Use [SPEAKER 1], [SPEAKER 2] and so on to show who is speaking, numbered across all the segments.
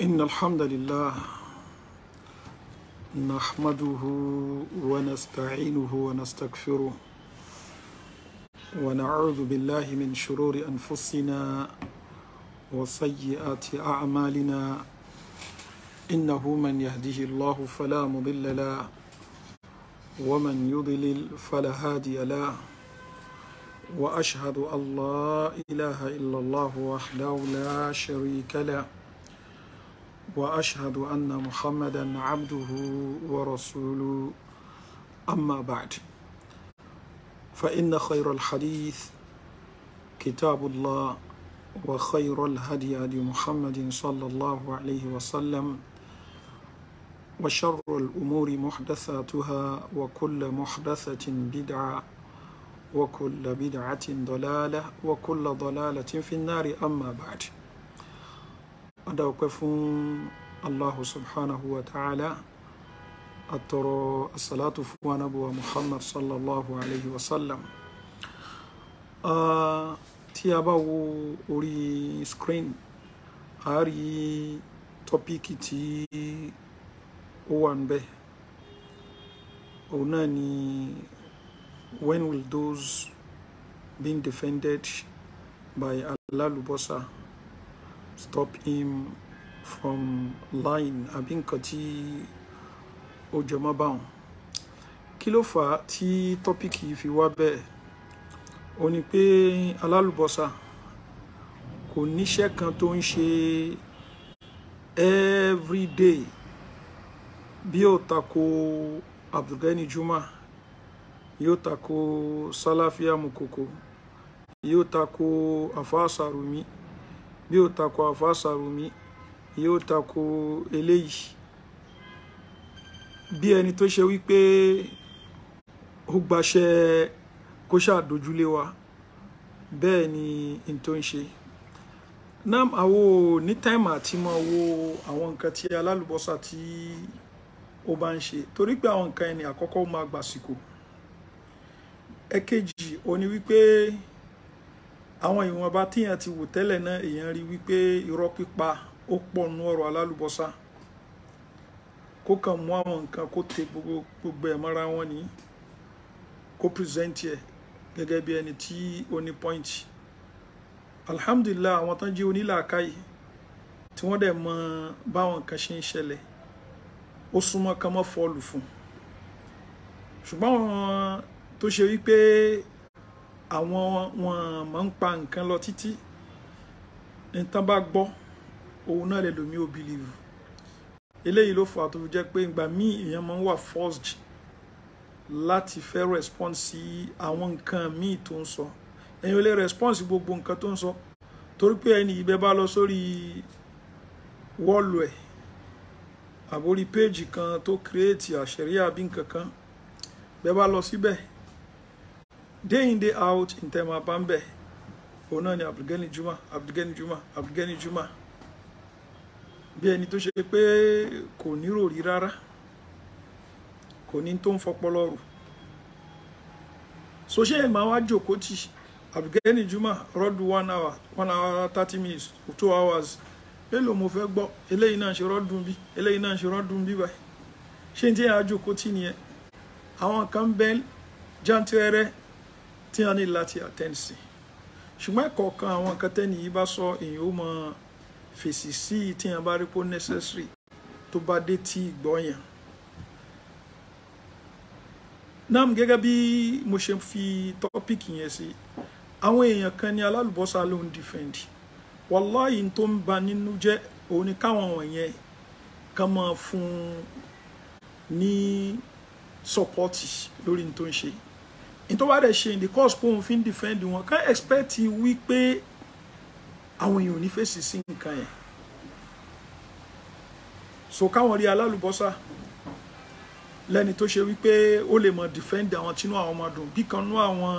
[SPEAKER 1] إن الحمد لله نحمده ونستعينه ونستغفره ونعوذ بالله من شرور أنفسنا وسيئات أعمالنا إنه من يهده الله فلا مضل له ومن يضلل فلا هادي له وأشهد أن لا إله إلا الله وحده لا شريك له واشهد ان محمدا عبده ورسوله اما بعد فان خير الحديث كتاب الله وخير الهدي هدي محمد صلى الله عليه وسلم وشر الأمور محدثاتها وكل محدثة بدعة وكل بدعة ضلالة وكل ضلالة في النار أما بعد adá ọpẹ́ fún allahu subhanahu wa ta'ala àtọrọ asalatu fún anabuwa muhammad sallallahu alayhi wa sallam uh, tí a bá wo orí screen a rí tọ́píkì tí ó wà ń bẹ ni when will those being defended by alalubosa. Al stop him from lying àbí nǹkan tí ó jọmọ́ báwọn kí ló fà á tí tọ́píkì fi wá bẹ́ẹ̀ ó ní pé alálùbọ́sà kò níṣẹ́ kan tó ń ṣe everyday bí ó tako Abdulgani Juma yóò ko Salafia Mukoko yóò ko afa Sarumi bí ó tako àfàṣàrùmí yóò tako eléyìí bí ẹni tó ṣe wípé ó gbaṣẹ́ kó ṣàdójúlé wa bẹ́ẹ̀ ni n tó ń ṣe nam awo ní táìmù àti máa wo àwọn nǹkan tí alálùbọ́sà tí ó bá ń ṣe torí pé àwọn nǹkan ẹni àkọ́kọ́ máa gbàsìkò ẹ̀kejì ó wípé àwọn ìwọ̀nba tíyàn ti wò tẹ́lẹ̀ náà èèyàn rí wípé irọ́ pípa ó pọ̀ nú ọ̀rọ̀ alálùbọ́sà kó kàn mú àwọn nǹkan kó te gbogbo ẹ̀ mọ́ra wọn ni kó present ẹ̀ gẹ́gẹ́ bí ẹni tí ó ní point alhamdulillah àwọn tán jẹ́ onílàákàyè tí wọ́n dẹ̀ mọ báwọn nǹkan ṣe ń ṣẹlẹ̀ ó súnmọ́ kan mọ́ fọ́ọ̀lù fún ṣùgbọ́n tó ṣe wípé àwọn wọn máa ń pa nǹkan lọ títí nǹkan bá gbọ́ òun náà lè lòmí ò bìlìvù eléyìí ló fà tó fi jẹ́ pé ìgbà míì èèyàn máa ń wà forced láti fẹ́ respond sí àwọn nǹkan míì tó ń sọ ẹ̀yin ò lè respond gbogbo nǹkan tó ń sọ torí pé ẹni ibẹ̀ bá lọ sórí wọ́ọ̀lù ẹ̀ àbórí péèjì kan tó kírèètì àṣẹríà bí nǹkan kan bẹ́ẹ̀ bá lọ síbẹ̀. Si day in day out in tẹ́ máa bá ni Abdulgani Juma Abdulgani Juma Abdulgani Juma bí ẹni tó ṣe pé kò níròrí rárá kò ní tó ń fọpọlọ so ṣé ẹ máa wá jòkó tì Juma rọ́dù one hour one hour thirty minutes two hours mélòó mo fẹ́ gbọ́ eléyìí náà ṣe rọ́dùn bí eléyìí náà ṣe rọ́dùn bí báyìí ṣé n tí yàrá jòkó tì nìyẹn àwọn kan bẹ́ẹ̀ jantirẹrẹ tí wọ́n ní láti attend sí ṣùgbọ́n ẹ̀kọ́ kan àwọn nǹkan tẹ́ni yìí bá sọ èyí ó mọ fèsì sí tí wọ́n bá rí pó necessary tó bá dé tí ìgbọ́yàn nam gẹ́gẹ́ bí mo ṣe fi tọ́píkì yẹn sí àwọn èèyàn kan ní alálùbọ́sà ló ń dìfẹ́ǹdì wàláyé tó ń ba nínú jẹ́ òun ni káwọn wọ̀nyẹn kan máa fún un ní sọ́pọ́tì lórí tó ń ṣe yìí nítorí wàá dẹ̀ ṣe in the course pé òun fi ń defend wọn kàn expect wípé àwọn èèyàn ò ní fèsì sí nǹkan yẹn so káwọn rí alálùbọ́sà lẹ́ni tó ṣe wípé ó lè mọ̀ defend àwọn tínú àwọn ọmọ dùn bí kan nú àwọn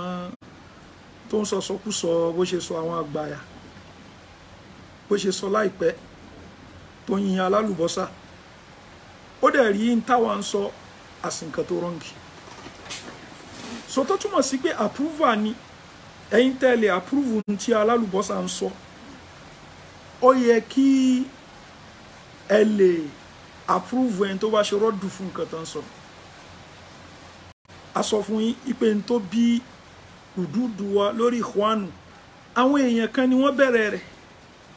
[SPEAKER 1] tó ń sọ sọkúsọ bó ṣe sọ àwọn àgbàyà bó ṣe sọ láìpẹ́ tó yin alálùbọ́sà ó dẹ̀ rí ń táwa ń sọ àsìnkàn tó rọ́ǹgì so tó túmọ̀ sí pé approval ni ẹ̀yin tẹ́lẹ̀ approve tí alálùbọ́sà ń sọ ó yẹ kí ẹ lè approve ẹni tó bá ṣe rọ́dù fún nǹkan tó ń sọ a sọ fún yín ipe ń tó bí rùdúdù wa lórí ìhuanu àwọn èèyàn kan ni wọ́n bẹ̀rẹ̀ rẹ̀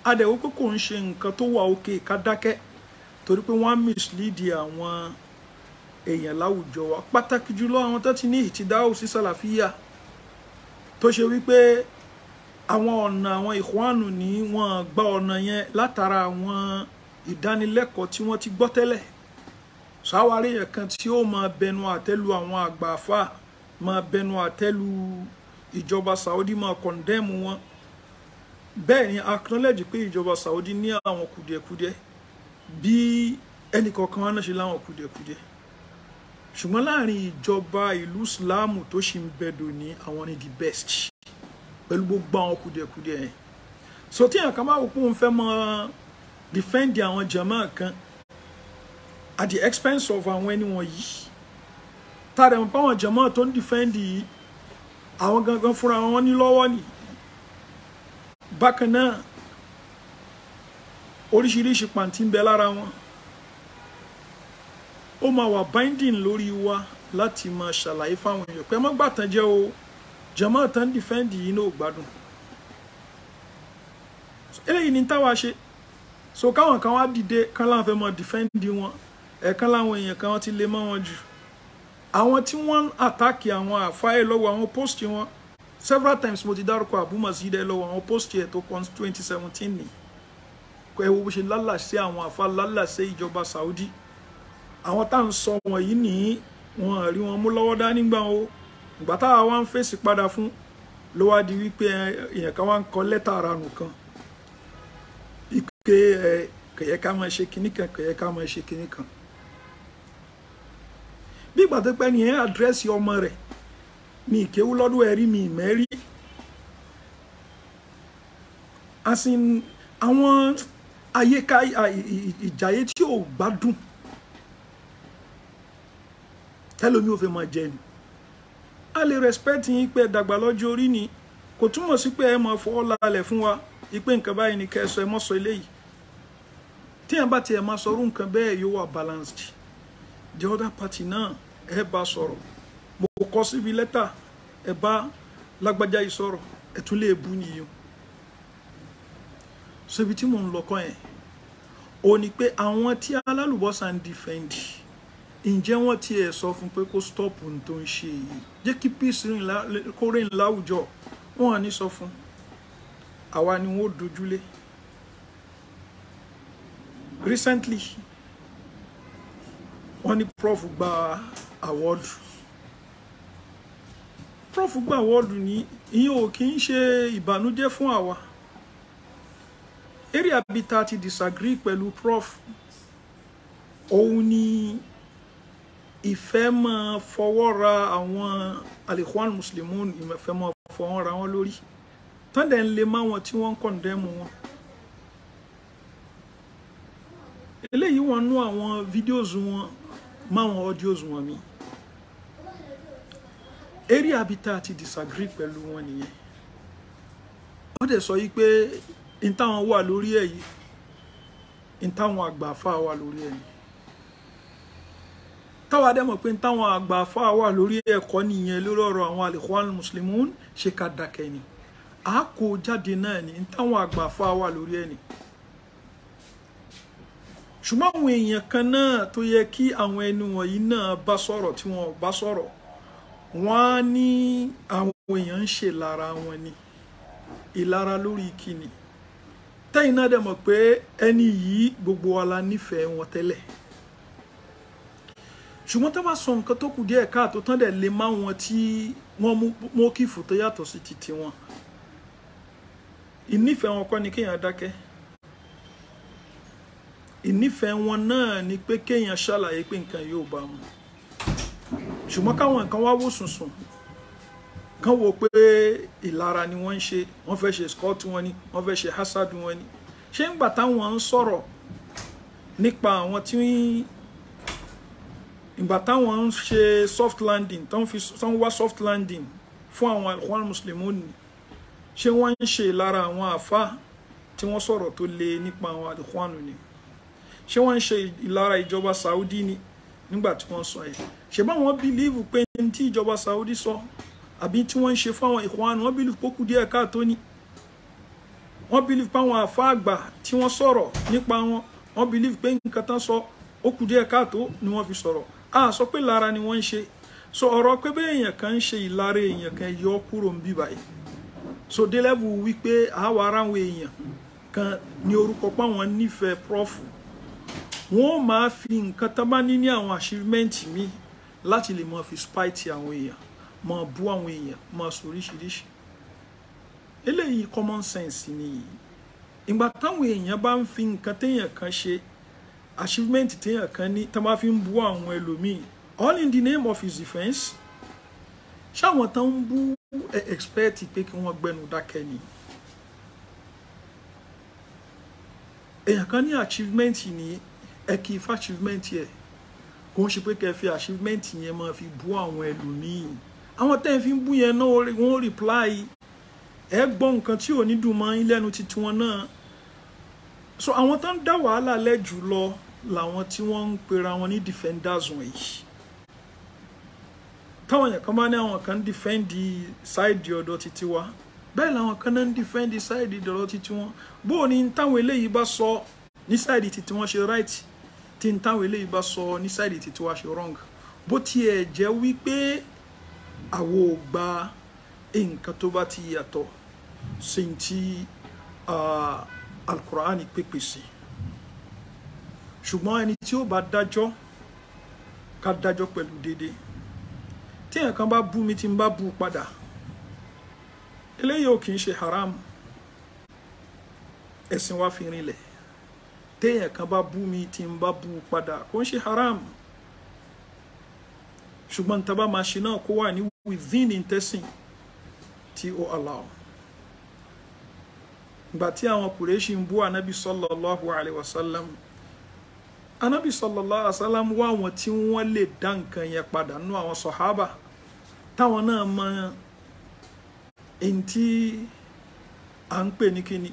[SPEAKER 1] adẹ̀wò pé kò ń ṣe nǹkan tó wà òkè ká dákẹ́ torí pé wọ́n á mislead àwọn èèyàn láwùjọ wa pàtàkì jùlọ àwọn tó ti ní ìtìdáhùn sí sàlàfíà tó ṣe wípé àwọn ọ̀nà àwọn ìkwánù ní wọ́n gba ọ̀nà yẹn látara àwọn ìdánilẹ́kọ̀ọ́ tí wọ́n ti gbọ́ tẹ́lẹ̀ sáwárí yẹn kan tí ó máa bẹnu àtẹ́lu àwọn àgbààfà máa bẹnu àtẹ́lu ìjọba Saudi máa kọ̀ndẹ́mù wọn bẹ́ẹ̀ ni acknowledge pé ìjọba Saudi ní àwọn kùdìẹ̀kudiẹ bí ẹnì kọ̀ọ̀kan wọn ṣe láwọn kùdìẹ̀kudiẹ ṣùgbọ́n láàrin ìjọba ìlú islam tó ṣì ń bẹ̀dọ̀ ní àwọn ni the best pẹ̀lú gbogbo àwọn kùdìẹ̀kùdìẹ̀ yẹn so tí èèyàn kan bá wò pé fẹ́ mọ defend àwọn jama kan at the expense of àwọn ẹni wọ̀nyí tá a dẹ̀ mọ̀ pé àwọn jama tó ń defend yìí àwọn gangan fúnra wọn ní lọ́wọ́ ni bákan náà oríṣiríṣi pàǹtí ń bẹ lára wọn ó máa wà binding lórí wa láti máa ṣàlàyé fáwọn èèyàn pé ẹ má gbàtàn jẹ́ o jama tan defend yìí náà gbádùn eléyìí ni táwa ṣe so káwọn kan wá dìde kán láwọn fẹ́ máa defend wọn ẹ̀ẹ̀kan láwọn èèyàn kan ti lè mọ́ wọn jù àwọn tí wọ́n ń àwọn àfáyé lọ́wọ́ àwọn post wọn several times mo ti dárúkọ àbúmọ̀sídẹ lọ́wọ́ àwọn post ẹ̀ tó kan twenty seventeen ni ẹ wo bó ṣe lálàṣẹ àwọn àfa lálàṣẹ ìjọba Saudi àwọn tá à ń sọ wọ̀nyí ní wọn rí wọn mú lọ́wọ́ dá nígbà o ìgbà táwa wá ń fèsì padà fún ló wá di wípé èèyàn kan wá ń kọ lẹ́tà ara nù kan wípé kẹ̀yẹ́ ká máa ṣe kinní kan kẹ̀yẹ́ ká máa ṣe kinní kan bí ìgbà tó pẹ́ nìyẹn àdírẹ́sì ọmọ rẹ̀ mi ìkéwú lọ́dún ẹ̀rí mi ìmẹ́rí asin àwọn ayéka ìjàyè tí ò gbádùn tẹ́lómi ò fẹ́ máa jẹ ni a lè respect yín pé dàgbà lọ́jọ́ orí ni kò túmọ̀ sí pé ẹ máa fọwọ́ lálẹ̀ fún wa ìpè nǹkan báyìí ni kẹ́ ẹ sọ ẹ mọ́ sọ eléyìí tí ẹ bá tiẹ̀ máa sọrú nǹkan bẹ́ẹ̀ yóò wà balanced the other party náà ẹ bá sọ̀rọ̀ mo kọ síbi lẹ́tà ẹ bá lágbájá yìí sọ̀rọ̀ ẹ tún lè bú nìyí ṣebí tí mò ń lọ yẹn ò pé àwọn tí alálùbọ́sà ń defend yìí ǹjẹ́ wọ́n ti ẹ̀ sọ fún pé kó stop ohun tó ń ṣe yìí jẹ́ kí peace rìn kó rìn láwùjọ wọ́n á ní sọ fún àwa ni wọ́n dojúlé recently wọ́n ní prof gba award prof gba award ní ìyẹn ò kì í ṣe ìbànújẹ́ fún àwa area bíi ta ti disagree pẹ̀lú prof òun ni ìfẹ́ máa fọwọ́ ra àwọn alikhwan muslimun ìfẹ́ máa fọwọ́ ra wọn lórí tán dẹ̀ ń le má wọn tí wọ́n ń kọ̀ǹdẹ́mù wọn. eléyìí wọn nú àwọn fídíòs wọn máwọn ọdíòs wọn mi eré abita ti disagree pẹ̀lú wọn nìyẹn wọ́n dẹ̀ sọ yìí pé n táwọn wà lórí ẹ̀ yìí n wà lórí ẹ̀ táwa dẹ́ mọ̀ pé táwọn àgbà afá wà lórí ẹ̀kọ́ nìyẹn lórí ọ̀rọ̀ àwọn alikhwan muslimun ṣe ká dákẹ́ ni a kó jáde náà ni táwọn àgbà afá wà lórí ẹ̀ ni ṣùgbọ́n àwọn èèyàn kan náà tó yẹ kí àwọn ẹni wọ̀nyí náà bá sọ̀rọ̀ tí wọ́n bá sọ̀rọ̀ wọ́n á ní àwọn èèyàn ń ṣe lára wọn ni ìlara lórí kíni tẹ́yìn náà dẹ̀ mọ̀ pé ẹni yìí gbogbo wa la nífẹ̀ẹ́ wọn tẹ́lẹ̀ ṣùgbọ́n tó bá sọ nǹkan tó kù díẹ̀ káàtó tán dẹ̀ lè má wọn tí wọ́n mú kífù tó yàtọ̀ sí ti tiwọn ìnífẹ̀ẹ́ wọn kọ́ ni kéèyàn dákẹ́ ìnífẹ̀ẹ́ wọn náà ni pé kéèyàn ṣàlàyé pé nǹkan yóò bá mu ṣùgbọ́n káwọn nǹkan wá wò sùnsùn kán wo pé ìlara ni wọ́n ń ṣe wọ́n fẹ́ ṣe scott wọn ni wọ́n fẹ́ ṣe hasad wọn ni ṣé ń gbà táwọn ń sọ̀rọ̀ nípa àwọn tí wọ́n ìgbà táwọn ń ṣe soft landing tán fi tán wá soft landing fún àwọn Al-Ikhwan Muslimun ni ṣé wọ́n ń ṣe lára àwọn àfa tí wọ́n sọ̀rọ̀ tó le nípa àwọn Al-Ikhwan ni ṣé wọ́n ń ṣe ìlara ìjọba Saudi ni nígbà tí wọ́n sọ ẹ̀ ṣe bá wọn bílíìvù pé ní tí ìjọba Saudi sọ àbí tí wọ́n ń ṣe fáwọn Ikhwan wọn bílíìvù pókù díẹ̀ káàtó ni wọ́n bílíìvù páwọn àfa àgbà tí wọ́n sọ̀rọ̀ nípa wọn wọ́n bílíìvù pé nǹkan tán sọ ó kù díẹ̀ káàtó ni wọ́n fi sọ̀rọ̀ a sọ pé lára ni wọ́n ń ṣe so ọ̀rọ̀ pé bẹ́ẹ̀ èèyàn kan ń ṣe ìlara èèyàn kan yọ kúrò ń bí báyìí so dé lẹ́bù wípé àwa ara èèyàn kan ní orúkọ pé àwọn nífẹ̀ẹ́ prọ́fù wọn ò máa fi nǹkan tán bá àwọn achievement mi láti lè máa fi spite àwọn èèyàn máa bú àwọn èèyàn máa sọ oríṣiríṣi eléyìí common sense nìyí ìgbà táwọn èèyàn bá ń fi nǹkan téèyàn kan ṣe achievement téèyàn kan ní tá máa fi ń bú àwọn all in the name of his defence ṣáwọn tán ń bú expect pé kí wọ́n gbẹnu dákẹ́ ni èèyàn kan ní achievement ní ẹ kì fa achievement yẹ kò ń ṣe pé fi achievement yẹn máa fi bú àwọn ẹlòmíì àwọn tẹ́ ẹ fi ń bú yẹn náà wọ́n reply ẹ gbọ́ nǹkan tí ò ní dùn mọ́ yín lẹ́nu titiwọn náà so àwọn tó ń dá wàhálà lẹ́jù lọ làwọn tí wọ́n ń pera wọn ní defenders wọ̀nyí táwọn yẹn kan bá ní àwọn kan ń dìfẹ́ǹdì sáìdì ọ̀dọ̀ títí wa bẹ́ẹ̀ làwọn kan náà ń dìfẹ́ǹdì sáìdì ọ̀dọ̀ títí wọn bó o ní táwọn eléyìí bá sọ ní sáìdì títí wọn ṣe right tí n táwọn eléyìí bá sọ ní sáìdì títí wa ṣe wrong bó tiẹ̀ jẹ́ wípé àwo gba nǹkan tó bá ti yàtọ̀ sí ti ah, alukur'ani pépè sí ṣùgbọ́n ẹni tí ó bá dájọ́ ká dájọ́ pẹ̀lú dédé tí èèyàn kan bá bú mi tí n bá bú padà eléyìí ò kì í ṣe haram ẹ̀sìn wa fi rinlẹ̀ téèyàn kan bá bú mi tí n bá bú padà kò ń ṣe haram ṣùgbọ́n n taba máa ṣe náà kó wà ní within intestine tí ó allow gbà tí àwọn kùrẹ́ṣì ń bú ànábì sallallahu alayhi wa anabi sallallahu alaihi wasallam wá àwọn tí wọ́n lè dá nǹkan yẹn padà nú àwọn sọ̀hábà táwọn náà mọ èyí tí à ń pè ní kíni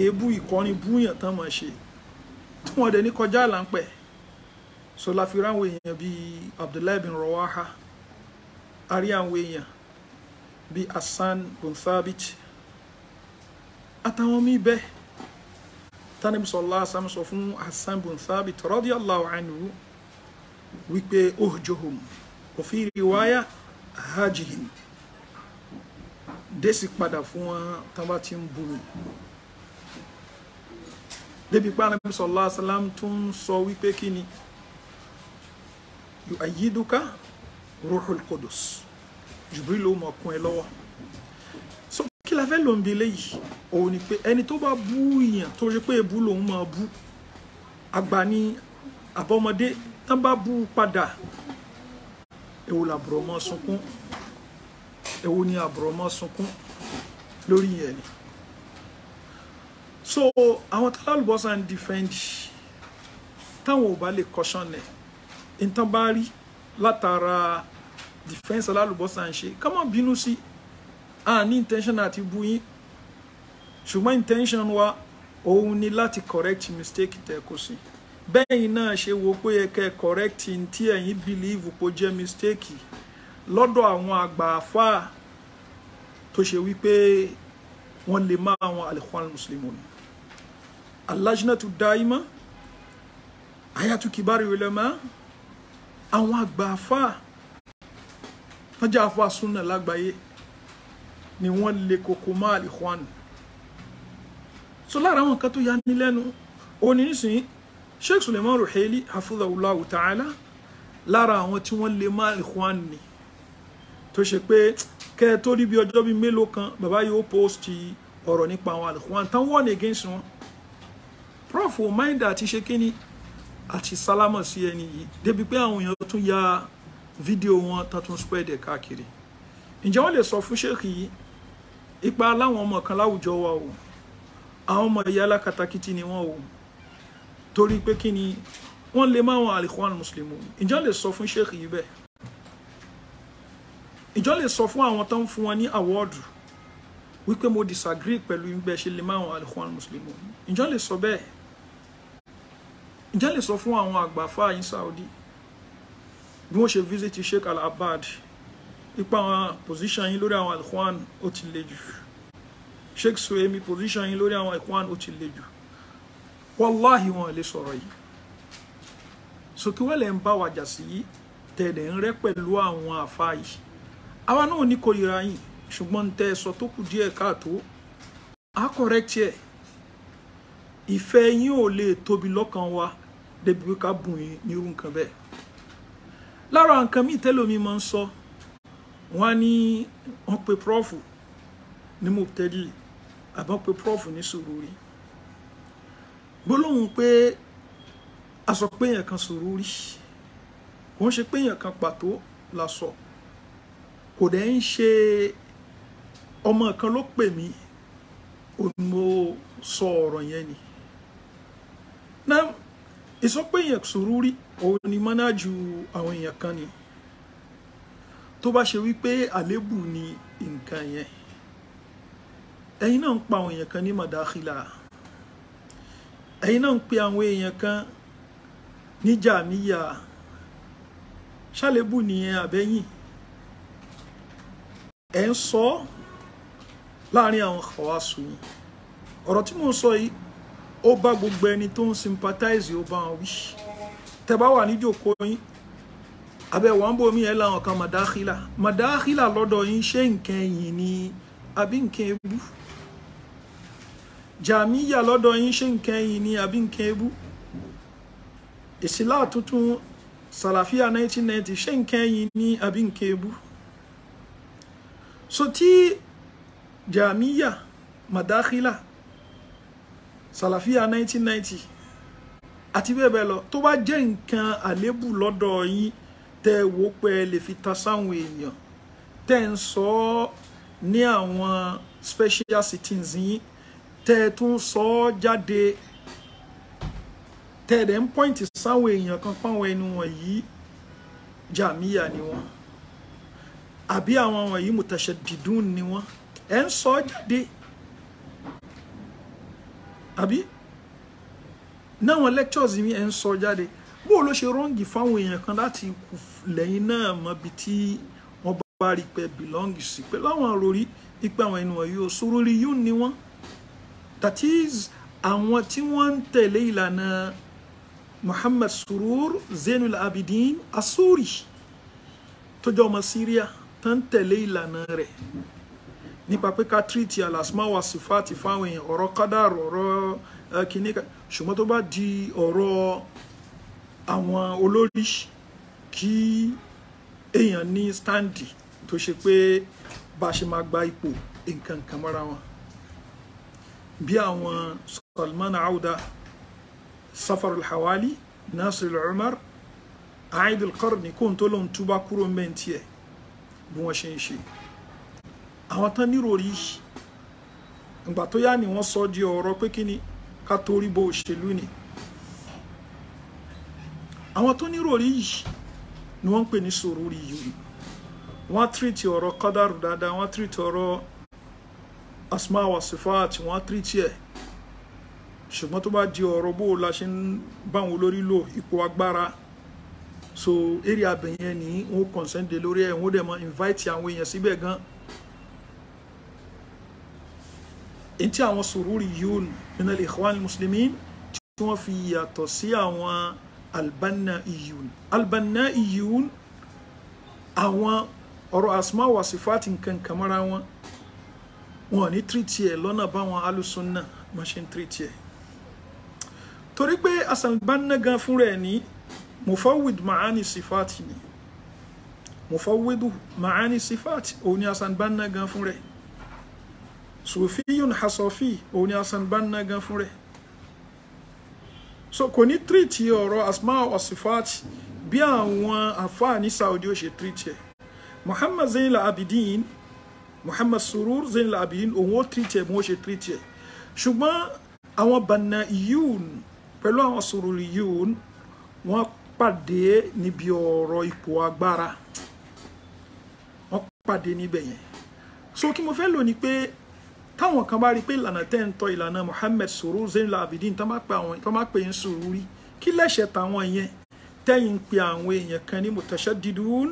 [SPEAKER 1] èébú ìkọrin búyàn tán máa ṣe tí wọ́n dẹ̀ ní kọjá là ń pẹ̀ so la fi ráwọn èèyàn bíi abdullahi bin rawaha àrí àwọn èèyàn bíi hasan bin thabit àtàwọn míì bẹ́ẹ̀ tani bisalòlá sàmùsọ fún Hassan bin Thabit radiyallahu anhu wípé ohjohom òfin riwaya hajihim desi padà fún wọn tán bá ti ń bu mi débi pé anabi sọlá asalam tún sọ wípé kí ni ruhul qudus Jibril ló mọ̀ kún ẹ kí la fẹ́ lò ń bi eléyìí òun ni pé ẹni tó bá bú èèyàn tó rí pé èbú lòun máa bú àgbà ni àbọ̀mọdé tán bá bú padà èwo làbùrọ̀ mọ́ sunkún èwo ni àbùrọ̀ mọ́ sunkún lórí yẹn ni so àwọn tálálùbọ́sà ń defend táwọn ò bá lè caution ẹ̀ ìtàn bá rí látara defense alálùbọ́sà ń ṣe ká má bínú sí i a ní intention àti bú yín ṣùgbọ́n intention wa òun ni láti correct mistake tẹ́ kó sí bẹ́yìn náà ṣe wo pé ẹ kẹ́ correct tí ẹ̀yin believe kó jẹ́ mistake lọ́dọ̀ àwọn àgbà àfáà tó ṣe wípé wọ́n lè má àwọn al-Ikhwan al-Muslimun al-Lajnatu Daima Hayatu Kibari Ulama àwọn àgbà àfáà wọ́n jẹ́ àfáà súnà lágbàáyé ni wọ́n le koko mọ́ àlìkwan so lára àwọn nǹkan tó yà ní lẹ́nu ó ní nísìnyí sheikh suleiman ruhaili hafidhahullahu ta'ala lára àwọn tí wọ́n le mọ́ àlìkwan ni tó ṣe pé kẹ́ ẹ tó rí bí ọjọ́ bíi mélòó kan bàbá yóò post ọ̀rọ̀ nípa àwọn àlìkwan tán wọ́n ní against wọn prof omaida àti ṣe kíni àti sálámọ̀ sí ẹni yìí débi pé àwọn èèyàn tún ya fídíò wọn tán spread ẹ̀ káàkiri ǹjẹ́ wọ́n lè sọ fún sheikh yìí ipa láwọn ọmọ kan láwùjọ wa o àwọn ọmọ ìyá alákatakítí ni wọ́n o torí pé kí ni wọ́n lè máa wọn al-Ikhwan al-Muslimun ìjọ lè sọ fún sheikh yìí bẹ́ẹ̀ ìjọ lè sọ fún àwọn tó ń fún wọn ní àwọ́ọ̀dù wípé mo disagree pẹ̀lú ìgbẹ́ ṣe lè máa wọn al-Ikhwan al-Muslimun ìjọ lè sọ bẹ́ẹ̀ ìjọ lè sọ fún àwọn àgbàfà yín Saudi bí wọ́n ṣe visit sheikh al ipa position yín lórí àwọn ikhwan ó ti le sheikh suemi position yín lórí àwọn ikhwan ó ti le jù wàláhì wọn lè sọ̀rọ̀ yìí sókè wẹ́lẹ̀ ń bá wàjà sí yìí tẹ̀lé ń rẹ́ pẹ̀lú àwọn àfa yìí àwa náà ní kórìíra yìí ṣùgbọ́n ń tẹ́ ẹ sọ tó kù díẹ̀ káàtó á correct ẹ̀ ìfẹ́ yín ò lè tóbi lọ́kàn wa débi pé ká bùn yín nírú nǹkan bẹ́ẹ̀ lára nǹkan míì tẹ́lómi máa ń sọ so, wọ́n ní wọ́n pe prof ní mọ̀tẹ́lì àbọ̀ pe prof ní sòrórì gbólóhùn pé a sọ pé èèyàn kan sòrórì kò ń ṣe pé èèyàn kan pàtó la sọ kò dẹ̀ ń ṣe ọmọ kan ló pè mí mo sọ ọ̀rọ̀ yẹn ni náà ìsọpé èèyàn òun ni mọ́nájú àwọn èèyàn kan ni tó bá ṣe wípé àlébù ni nǹkan yẹn ẹ̀yin náà ń pa àwọn èèyàn kan ní mọ̀dáhìlà ẹ̀yin náà ń pe àwọn èèyàn kan níjà níyà ṣàlébù nìyẹn àbẹ́yìn ẹ̀ ń sọ láàrin àwọn kọ̀wáṣù ọ̀rọ̀ tí mò ń sọ yìí ó bá gbogbo ẹni tó ń sympathize ó bá wọn wí tẹ́ bá wà níjókòó yín abẹ wọn bò mí ẹ láwọn kan màdáhìlà màdáhìlà lọ́dọ̀ yín ṣé nǹkan ẹ̀yìn ni àbí nǹkan ebú jàmíyà lọ́dọ̀ yín ṣé nǹkan ẹ̀yìn ni àbí nǹkan ebú ìsìlá tuntun sàlàfíà 1990 ṣé nǹkan ẹ̀yìn ni àbí nǹkan ebú so tí jàmíyà màdáhìlà sàlàfíà 1990 àti bẹ́ẹ̀ bẹ́ẹ̀ lọ tó bá jẹ́ nǹkan àlébù lọ́dọ̀ yín tẹ́ ẹ wò pé ẹ lè fi tan sáwọn èèyàn tẹ́ ń sọ ọ́ ní àwọn special sittings yín tẹ́ ẹ tún sọ ọ́ jáde tẹ́ ẹ dẹ̀ ń pọ́ìntì sáwọn èèyàn kan páwọn ẹni wọ̀nyí jàmíyà ni wọ́n àbí àwọn wọ̀nyí mùtàṣẹ̀dìdún ni wọ́n ẹ̀ ń sọ ọ́ jáde àbí náwọn lectures mi ẹ̀ ń sọ jáde bó ló ṣe rọ́ǹgì fáwọn èèyàn kan láti kù lẹ́yìn náà mọ́bi tí wọ́n bá rí pé bìlọ́ǹgì sí pé láwọn àròrí ipa àwọn ẹnu wọ̀nyí sórórí yóò ní wọ́n that is àwọn tí wọ́n ń tẹ̀lé ìlànà Muhammad Surur Zainul Abidin Asuri tó jẹ́ ọmọ Syria tó ń tẹ̀lé ìlànà rẹ̀ nípa pé ká tírìtì e alasma wa sífàtì fáwọn èèyàn ọ̀rọ̀ kádàrọ̀ ọ̀rọ̀ eh, kìnìkan ṣùgbọ́n tó bá di ọ̀rọ̀ àwọn olórí kí èèyàn ní stáǹdì tó ṣe pé bá a ṣe máa gba ipò nǹkan kan mọ́ra wọn bí àwọn Salman Auda Safar al Nasir al-Umar Aid al-Qarni kóhun tó lóun túbá kúrò mẹ́ntì ẹ̀ bí wọ́n ṣe ń ṣe àwọn tán níròrí ìgbà tó yá ni wọ́n sọ di ọ̀rọ̀ pé kí ni ká torí bo òṣèlú ni àwọn tó ní ròrí yìí ni wọ́n ń pè ní sòrúrí yìí wọ́n tírìtì ọ̀rọ̀ kádàrú dáadáa wọ́n tírìtì ọ̀rọ̀ asma wa sifat wọ́n tírìtì ẹ̀ ṣùgbọ́n tó bá di ọ̀rọ̀ bó la ṣe ń bá wọn lórí lò ipò agbára so eré abẹ̀yẹn ni wọ́n consent de lórí ẹ̀ wọ́n dẹ̀ mọ́ invite àwọn èèyàn síbẹ̀ gan èyí tí àwọn sòrúrí yìí nínú ikhwan muslimin tí wọ́n fi yàtọ̀ sí àwọn albannaiyun albannaiyun àwọn ọ̀rọ̀ asma wa sifati nǹkan kamara wọn wọn ní tírìtì ẹ̀ lọ́nà báwọn alùsùnà wọn ṣe ń tírìtì ẹ̀ torí pé asalbanna gan fúnra ẹ̀ ní mufawid maani sifati ni mufawidu maani sifati òun ni asalbanna gan fúnra ẹ̀ sufiyun hasafi òun ni asalbanna gan fúnra ẹ̀ so kò ní tírìtì ọ̀rọ̀ asma osifat bí àwọn àfáà ní Saudi ó ṣe tírìtì ẹ̀ Muhammad Zain al-Abidin Muhammad Surur Zain al-Abidin òun ó tírìtì ẹ̀ bí wọ́n ṣe tírìtì ẹ̀ ṣùgbọ́n àwọn bànà yún pẹ̀lú àwọn sùrùlì yún wọ́n pàdé níbi ọ̀rọ̀ ipò agbára wọ́n pàdé níbẹ̀ yẹn so kí mo fẹ́ lò ní pé táwọn kan bá rí i pé ìlànà tẹ́ ń tọ́ ìlànà Muhammad sòrò zainul abidin tó má pè ń sòrò rí kí lẹ́sẹ̀ táwọn yẹn tẹ́yìn pe àwọn èèyàn kan ní mutashaddidun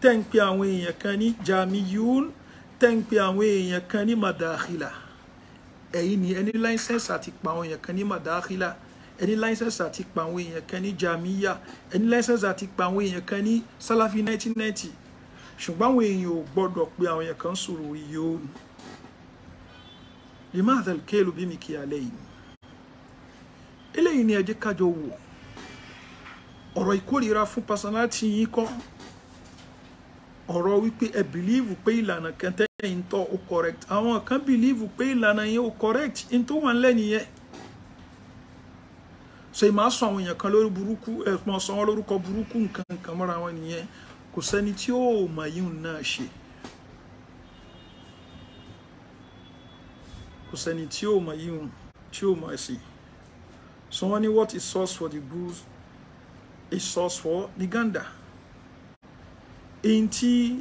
[SPEAKER 1] tẹ́yìn pe àwọn èèyàn kan ní jamiyun tẹ́yìn pe àwọn èèyàn kan ní madakhila ẹ̀yin ni ẹni láìsẹ̀nsì àti pa àwọn èèyàn kan ní madakhila ẹni láìsẹ̀nsì àti pa àwọn èèyàn kan ní jamiya ẹni láìsẹ̀nsì àti pa àwọn èèyàn kan ní salafi 1990 ṣùgbọ́n àwọn èèyàn ò gbọ́dọ̀ pe àwọn èèyàn kan sùúrù yìí ó لماذا alkelu bimikiyalayn eléyìí لين ẹ jẹ́ ká jọ wò ọ̀rọ̀ ìkórìíra fún يكو. yín kọ́ ọ̀rọ̀ wípé ẹ bìlíìvù pé ìlànà kan tẹ́yìn tọ́ ó correct àwọn kan bìlíìvù pé ìlànà yẹn ó correct in tó wà lẹ́nu yẹn so ìmọ̀ sọ àwọn èèyàn kan lórí burúkú ẹ̀pọ̀n sọ wọn lórúkọ burúkú nǹkan kan mọ́ra wọn nìyẹn kò sẹ́ni tí ó mọ̀ yín náà ṣe. kò sẹ́ni tí ó mọ yíhun tí ó mọ ẹ̀sìn so wọ́n ní what is source for the goose is source for the gander èyí tí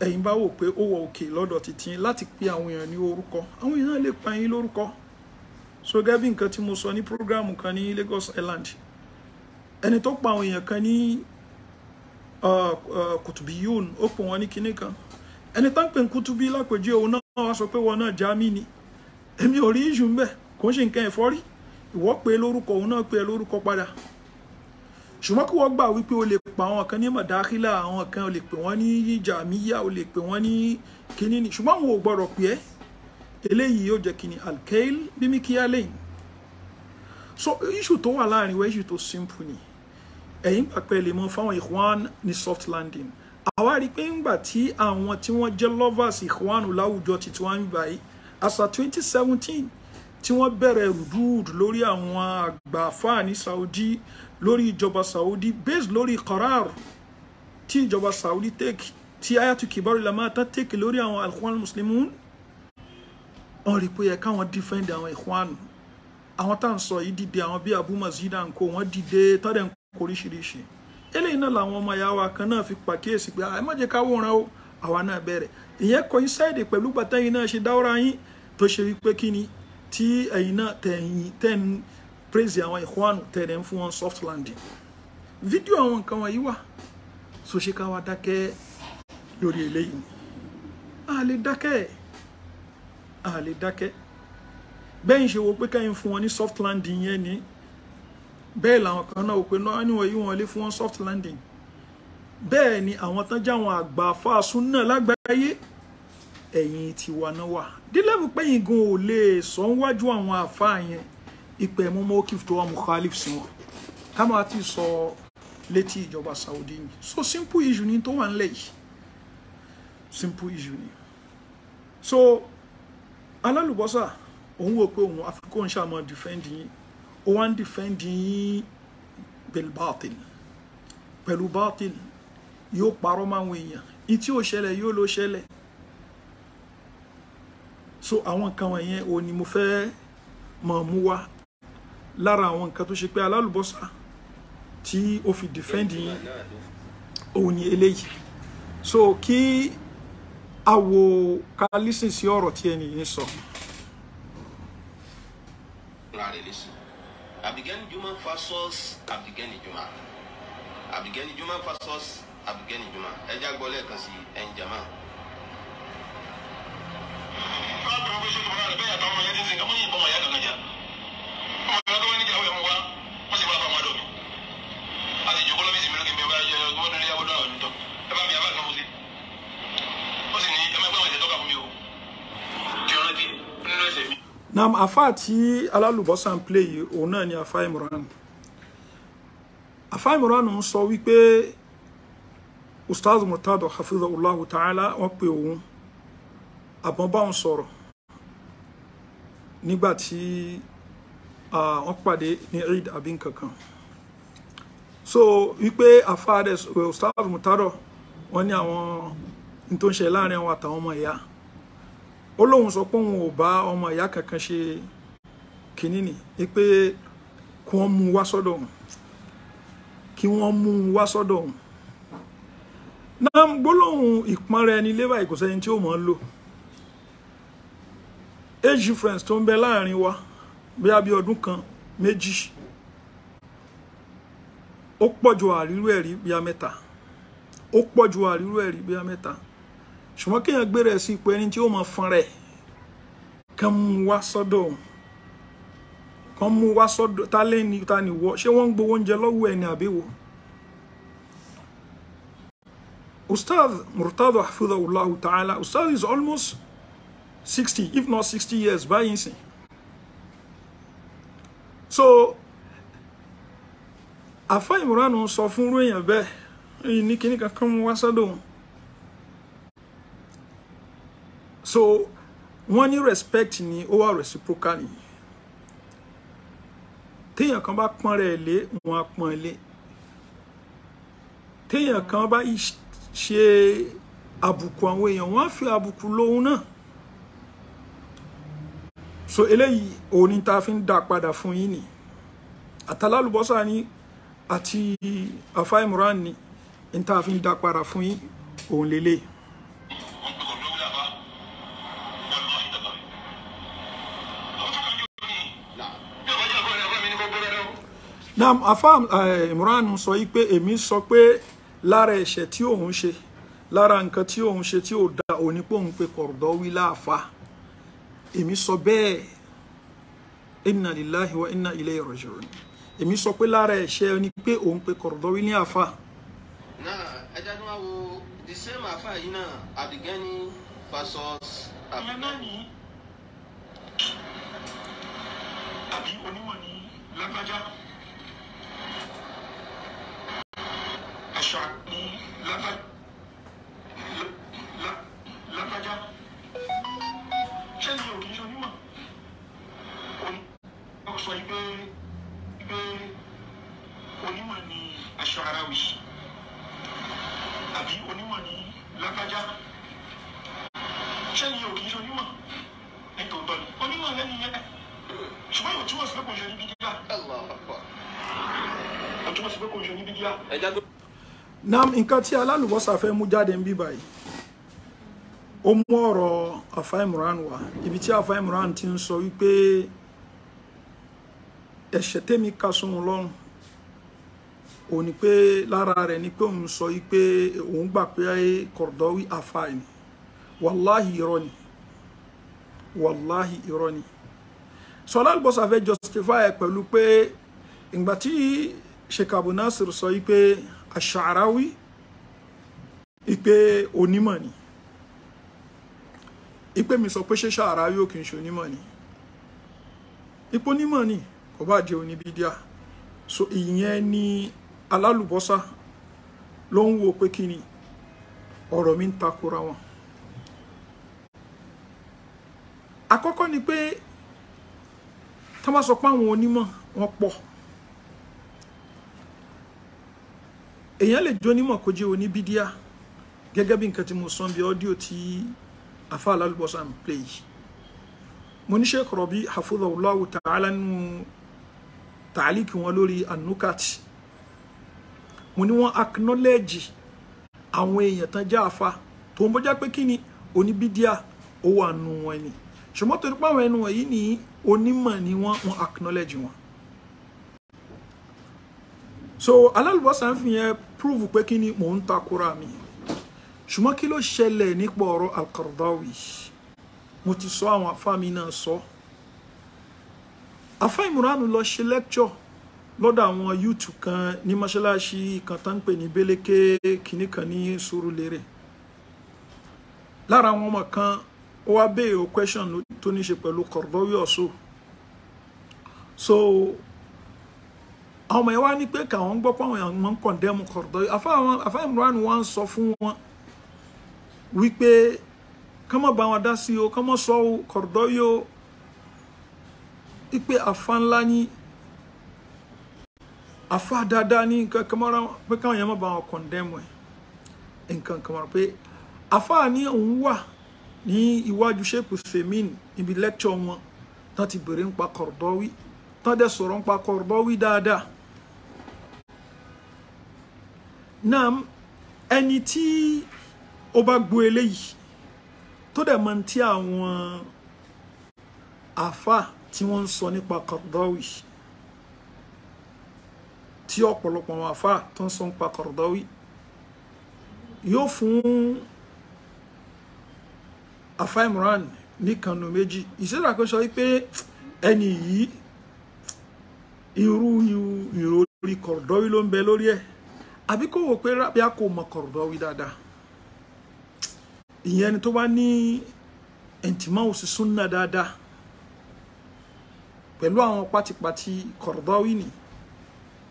[SPEAKER 1] ẹ̀yin bá wò pé ó wọ òkè lọ́dọ̀ títí láti pe àwọn èèyàn ní orúkọ àwọn èèyàn lè pa yín lórúkọ so gẹ́gẹ́ bí nǹkan tí mo sọ ní programu kan ní Lagos Island ẹni tó pa àwọn èèyàn kan ní uh, uh, kùtùbí yóòn ó pè wọ́n ní kinní kan ẹni tó ń pè ń kùtùbí lápèjì òun náà wọ́n wá sọ pé wọn náà já mí ni èmi ò rí ìṣù ńbẹ kò ń ṣe nǹkan ẹ̀fọ́rí ìwọ pé lórúkọ òun náà pé lórúkọ padà ṣùgbọ́n kí wọ́n gbà wípé o lè pa àwọn kan ní mọ̀dákílà àwọn kan o lè pè wọ́n ní jàmíyà o lè pè wọ́n ní kínní ni ṣùgbọ́n àwọn ò gbọ́dọ̀ pè é eléyìí yóò jẹ́ kínní alkail bímíkíá lẹ́yìn so issue tó wà láàrin wa issue tó simple ni ẹ̀yin gbà lè mọ fáwọn ikhwan ní soft landing àwa rí i pé ńgbà tí àwọn tí wọ́n jẹ́ lovers ìhwanu láwùjọ ti tiwọn báyìí àṣà twenty seventeen tí wọ́n bẹ̀rẹ̀ rúdúrúdù lórí àwọn àgbà àfáà ní Saudi lórí ìjọba Saudi based lórí qarar tí ìjọba Saudi take tí ayatu kibaru lama tán take lórí àwọn alkhwan muslimun wọ́n rí i pé yẹ káwọn defend àwọn ìhwanu àwọn tá à ń sọ yìí dìde àwọn bíi abu mazida nko wọ́n dìde tọ́dẹ̀ nko oríṣiríṣi eléyìí náà làwọn ọmọ ìyá wa kan náà fi pàkíyèsí pé ẹ má jẹ́ ká wòran o àwa náà bẹ̀rẹ̀ ìyẹn coincide pẹ̀lú gbàtẹ́yìn náà ṣe dáwọ́ra yín tó ṣe wípé kí ni tí ẹ̀yin náà tẹ̀yìn tẹ̀ praise àwọn ìkọ́nù tẹ̀lé ń fún wọn soft landing fídíò àwọn nǹkan wọ̀nyí wà so ṣe ká wa dákẹ́ lórí eléyìí a lè dákẹ́ a lè dákẹ́ bẹ́ẹ̀ ń ṣe wo pé káyìn fún wọn ní soft landing yẹn ni bẹ́ẹ̀ làwọn kan náà wò pé náà níwọ̀n yí wọn lé fún wọn soft landing bẹ́ẹ̀ ni àwọn tán jáwọn àgbà fásun náà lágbàáyé ẹ̀yìn tiwa náà wà dílẹ́bù pẹ́yìn gan ò lè sọ níwájú àwọn àfáà yẹn ìpè mú mọ́ kí tó wà mukhalif sí wọn ká máa ti sọ létí ìjọba Saudi ni so simple issue ni tó wà ńlẹ̀ yìí simple issue ni so alálùbọ́sà òun wò pé òun àfikún ṣàmọ́ defend yín ó wá ń dìfẹ́ǹdì yín bilbatil pẹ̀lú batil yóò parọ́ máwọn èèyàn ní tí ó ṣẹlẹ̀ yóò ló ṣẹlẹ̀ so àwọn nǹkan wọ̀nyẹn ò ní mo fẹ́ mọ̀ mú wá lára àwọn nǹkan tó ṣe pé alálùbọ́sà tí ó fi dìfẹ́ǹdì yín òun ni so kí a wo ká lísìn sí ọ̀rọ̀ tí ẹni yìí sọ. Claro, ele Abigani Juma versus Abigani Juma Abigani Juma versus Abigani Juma ẹja gbọ́ lẹ́ẹ̀kan sí ẹnjàmá. báwo ló ṣe kọ́ ọ́ bẹ́ẹ̀ àtàwọn ọmọ yẹn ti sìn kàmú yìnbọn ọ̀yá kankan jà ọmọ yẹn tó wọ́n ní ìjàwé ọ̀hún wa wọ́n sì bá fàmà dọ̀ mi àti ìjòkó lọ́mí sì mìíràn kí n bẹ bá yẹ ọgbọ́n nílé abọ́dọ̀ àwọn ọ̀dọ́ ẹ bá mi àbá kan wọlé ó sì ní ẹ má gbọ́ àwọn ìṣẹ̀tọ́ kà fún mi o kí ọ̀rọ̀ ti nínú ẹsẹ̀ mi nam afa tí alálùbọ́sà ń play yìí òun náà ni afa imran afa imran ń sọ wípé ustaz murtado hafizahullahu ta'ala wọ́n pe òun àbọ̀n bá òun sọ̀rọ̀ nígbà tí wọ́n pàdé ní eid àbí nkankan so wípé afa rẹ̀ ustaz murtado wọ́n ní àwọn ní tó ń ṣe láàrin àwọn àtàwọn ọmọ ìyá ó lóun sọ pé òun ò bá ọmọ ìyá kankan ṣe kínní ni pé kí wọ́n mú un wá sọ́dọ̀ òun kí wọ́n mú un wá sọ́dọ̀ òun náà gbólóhùn ìpọ́nra ẹni lébà ìkòsẹ́yìn tí ó mọ̀ ń lò age difference tó ń bẹ láàrin wa bóyá bí ọdún kan méjì ó pọ̀ ju àrírú ẹ̀rí bóyá mẹ́ta ó pọ̀ ju àrírú ẹ̀rí bóyá mẹ́ta ṣùgbọ́n kéèyàn gbé rẹ̀ sí ipò ẹni tí ó mọ̀ fún rẹ̀ kàn mú wá sọ́dọ̀ kàn mú wá sọ́dọ̀ ta lẹ́ni ta ni wọ́ ṣé wọ́n ń gbowó oúnjẹ lọ́wọ́ ẹni àbíwò. Ustaz Murtado Hafidhahullah Ta'ala Ustaz is almost sixty if not sixty years báyìí sìn. So àfa ìmúránù sọ fún irú èèyàn bẹ́ẹ̀ ní kíní kankan mú wá sọ́dọ̀ òun. so wọ́n ní respect ni ó wà reciprocal yìí téèyàn kan bá pọ́n rẹ̀ lé wọn á pọ́n lé téèyàn kan bá ṣe àbùkù àwọn èèyàn wọ́n á fi àbùkù lóhun náà so eléyìí òun ni ta fi ń dá padà fún yín ni àtàlálùbọ́sà ni àti àfáìmùrán ni n ta fi ń dá padà fún yín òun lélẹ́yìí. nam afa eh, Imran sọ yìí pé èmi sọ pé lára ẹ̀ṣẹ̀ tí òun ṣe lára nǹkan tí òun ṣe tí ò da òní pé òun pe Qaradawi láàfa èmi sọ bẹ́ẹ̀ inna lillahi wa inna ilayhi raji'un èmi sọ pe lára ẹ̀ṣẹ̀ ni pé òun pe Qaradawi ní àfa. náà ẹja tó wá wo the same àfa yìí náà Abdulgani versus Abdulgani. àbí onímọ̀ ní lágbájá. ṣàkún lágbájá ṣé ni o kì í ṣe onímọ̀ onímọ̀ sọ pé pé onímọ̀ ni aṣọ ara wì àbí onímọ̀ ni lágbájá ṣé ni o kì í ṣe onímọ̀ nítòótọ́ ni onímọ̀ lẹ́nu yẹn ṣùgbọ́n yóò túmọ̀ sí pé kò ń ṣe ní bídíà. ó túmọ̀ sí pé kò ń ṣe ní bídíà nam nǹkan tí alálùbọ́sà fẹ́ mú jáde ń bí báyìí ó mú ọ̀rọ̀ afáìmùrán wá ibi tí afáìmùrán ti ń sọ wípé ẹ̀ṣẹ̀ tẹ́mi ka sóhun lọ́rùn ò ní pé lára rẹ̀ ni pé òun sọ wípé òun gbà pé kọ̀dọ̀wí afáì ni wàláhì irọ́ ni wàláhì irọ́ ni sọ alálùbọ́sà justify ẹ̀ pẹ̀lú pé ìgbà tí Sheikh Abu Nasir sọ wípé. So aṣàráwí ipe onímọ̀ ni ipe mi sọ pé ṣé ṣàráwí ò kì í ṣe onímọ̀ ni ipò onímọ̀ ni kò bá jẹ́ oníbídíà so ìyẹn ni alálùbọ́sà ló ń wo pé kí ni ọ̀rọ̀ mi ń takora wọn. àkọ́kọ́ ni pé tá a bá sọ pé àwọn onímọ̀ wọn pọ̀ èèyàn lè jó onímọ̀ kó jẹ́ oníbídíà gẹ́gẹ́ bí nǹkan tí mo sọ bí ọ́díò tí afa alálùbọ́sà ń play yìí mo ní Sheikh Rabi hafudhahullahu ta'ala nínú tàálíkì wọn lórí anukat mo ní wọ́n acknowledge àwọn èèyàn tán jẹ́ afa tó ń bọ́já pé kí ni oníbídíà ó wà wọn ni ṣùgbọ́n torí pé àwọn ẹnu wọ̀nyí ni onímọ̀ ni wọ́n acknowledge wọn so alálùbọ́sà ń fi yẹn prove pé kí ni mò ń takora mi ṣùgbọ́n kí ló ṣẹlẹ̀ nípa ọ̀rọ̀ al-Qaradawi mo ti sọ àwọn afámi náà sọ afá ìmúránù lọ ṣe lecture lọ́dọ̀ àwọn YouTube kan ní mọ́ṣáláṣí kan tá ń pè ní Béleke kìíní kan ní Surulere lára àwọn ọmọ kan ó wá béèrè question tó ní ṣe pẹ̀lú Qaradawi ọ̀ṣọ́ so àwọn ọmọ ẹ wá ní pé káwọn gbọ́ pé àwọn èèyàn máa ń kọ̀ndẹ́mù kọ̀rọ̀dọ́ àfa Imran wa ń sọ fún wọn wípé ká má bá wọn dá sí o ká má sọ kọ̀rọ̀dọ́ yìí o wípé àfa ńlá ní àfa dáadáa ní nǹkan kamara pé káwọn èèyàn má bá wọn kọ̀ndẹ́mù ẹ̀ nǹkan kamara pé àfa ní òun wà ní iwájú Sheikh Uthaymeen níbi lẹ́kṣọ̀ wọn tán ti bèrè ń pa kọ̀rọ̀dọ́ wí tán dẹ̀ sọ̀rọ̀ ń pa kọ̀rọ̀dọ́ wí dáadáa. nam ẹni tí ó bá gbọ́ eléyìí tó dẹ̀ mọ̀ tí àwọn àfa tí wọ́n ń sọ nípa Qaradawi tí ọ̀pọ̀lọpọ̀ àwọn àfa tó ń sọ nípa Qaradawi yóò fún àfa Imran níkanu méjì ìṣẹ́dá kan wípé ẹni yìí irú ìròrí Qaradawi ló ń bẹ lórí ẹ̀ àbí kò wò pé rábíà kò mọ kọ̀rọ̀dọ̀ wí dáadáa ìyẹn ni tó bá ní ẹ̀ǹtìmọ́ òsì súnà dáadáa pẹ̀lú àwọn pátipàti kọ̀rọ̀dọ̀ wí ni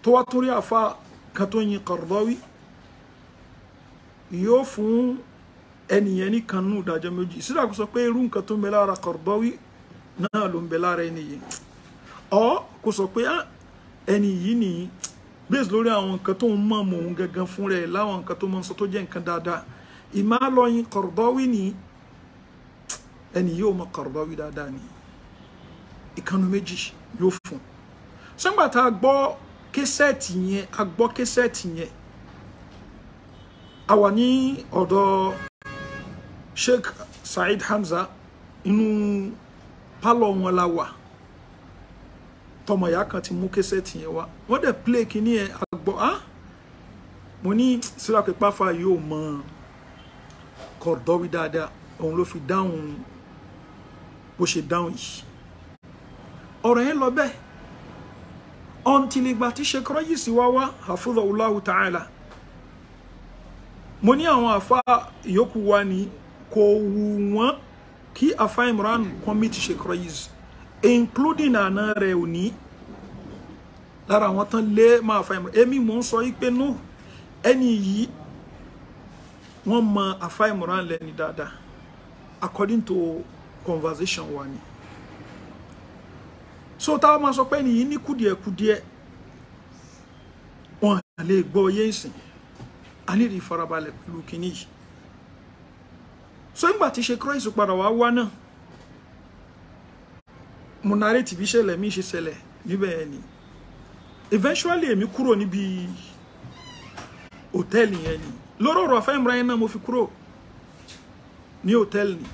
[SPEAKER 1] tó wá torí àfa kan tó yin kọ̀rọ̀dọ̀ wí yóò fún ẹnìyẹn ní kanú ìdájọ́ méjì sídà kó sọ pé irú nǹkan tó ń bẹ lára kọ̀rọ̀dọ̀ wí náà ló ń bẹ lára ẹni yìí ọ kó sọ pé ah, ẹni yìí nìyí based lórí àwọn nǹkan tó ń mọ̀ mọ̀ òun gangan fún rẹ̀ láwọn nǹkan tó mọ̀ sọ tó jẹ́ nǹkan dáadáa ìmá lọ́yìn Qaradawi ni ẹni yóò mọ Qaradawi dáadáa ni ìkànnì méjì yóò fún sọ́ngbà tá a gbọ́ késẹ́ẹ̀tì yẹn a gbọ́ késẹ́ẹ̀tì yẹn a wà ní ọ̀dọ̀ Sheikh Said Hamza inú pálọ̀ wọn la wà tọmọ ìyá kan ti mú kẹsẹ̀tì yẹn wá wọ́n dẹ̀ play kini yẹn àgbọ̀ á ah! mo ní sílàpé páfá yóò mọ kọ̀dọ́wí dáadáa òun ló fi dáhùn bó ṣe dáhùn yìí ọ̀rọ̀ yẹn lọ bẹ́ẹ̀ until ìgbà tí ṣekọ́rọ́ yìí sì wá wá àfúrọ̀ Allahu ta'ala mo ní àwọn àfa ìyókù wa ni kò wù wọ́n kí àfa Imran kọ́mìtì ṣekọ́rọ́ yìí including àna rẹ̀ òní lára àwọn tán lé máa fa ìmọ̀ràn èmi mò ń sọ yí pé no ẹni yìí wọ́n mọ àfa ìmọ̀ràn lẹ́ni dáadáa according to conversation wa ni so táwọn máa sọ pé ẹni yìí ní kùdìẹ̀kùdìẹ̀ wọn lè gbọ́ yé ìsìn a ní ìfarabalẹ̀ pẹ̀lú kínní yìí so nígbà tí ṣe Christ padà wá wá náà mo narrate bí ṣẹlẹ̀ mi ṣe ṣẹlẹ̀ níbẹ̀ ni eventually èmi kúrò níbi hòtẹ́ẹ̀lì yẹn ni lórí ọ̀rọ̀ Àfá Imran náà mo fi kúrò ní hòtẹ́ẹ̀lì ni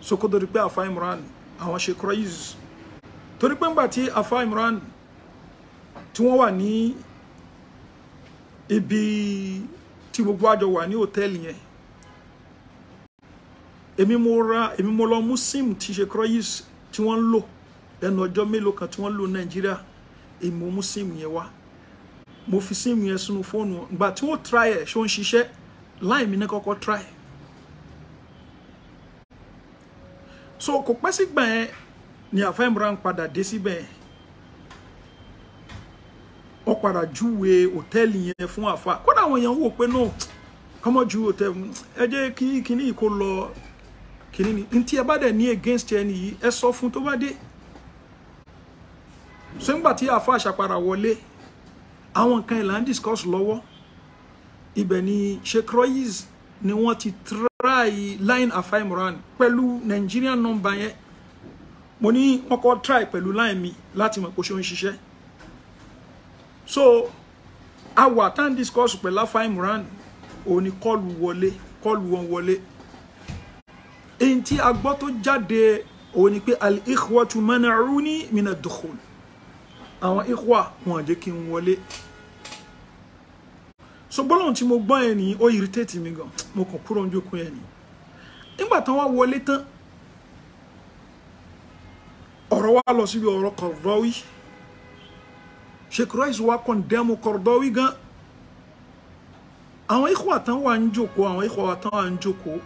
[SPEAKER 1] sokoto rí pé Àfá Imran àwọn ṣe cruise torí pé ńgbà tí Àfá Imran tí wọ́n wà ní ibi tí gbogbo àjọ wà ní hòtẹ́ẹ̀lì yẹn èmi mo ra èmi mo lọ mú sim tí ṣe cruise tí wọ́n ń lò lẹ́nu ọjọ́ mélòó kan tí wọ́n ń lò nàìjíríà èmi ò mú síìmù yẹn wá mo fi síìmù yẹn sínú fóònù ìgbà tí wọ́n try ẹ̀ ṣó ń ṣiṣẹ́ láì mi ní kọ́kọ́ try so kò pẹ́ sígbà yẹn ni àfáà Imran padà dé síbẹ̀ yẹn ó padà júwe hòtẹ́ẹ̀lì yẹn fún àfáà kódà àwọn èèyàn wò pé no kọ́mọ́ ju hòtẹ́ẹ̀lì ẹ jẹ́ kí kinní yìí kó lọ Kini ni ntí ẹ bá dẹ̀ ní against ẹni yìí ẹ sọ fún tó bá dé so nígbà tí àfa àṣàpàrà wọlé àwọn nǹkan ẹ̀ là ń discuss lọ́wọ́ ibẹ̀ ni sheikh royce ni wọ́n ti try line afai moran pelu Nigerian number yẹn mo ní wọ́n kọ́ try pelu line mi lati mọ̀ pé ṣé ó so àwa tá ń discuss pẹ̀lú afai moran oni call wole call kọ́ọ̀lù wọn èyí tí a gbọ́ tó jáde òun ni pé al-ikhwatu mana'uni mina dukhul àwọn ikhwa wọn jẹ́ kí n wọlé so gbólóhùn tí mo gbọ́ yẹn ni ó irritate mi gan mo kàn kúrò ní ojú yẹn ni nígbà tán wá wọlé tán ọ̀rọ̀ wa lọ síbi ọ̀rọ̀ Qaradawi Sheikh Rais wa condemn Qaradawi gan àwọn ikhwa tán wà ń jókòó àwọn ikhwa tán wà ń jókòó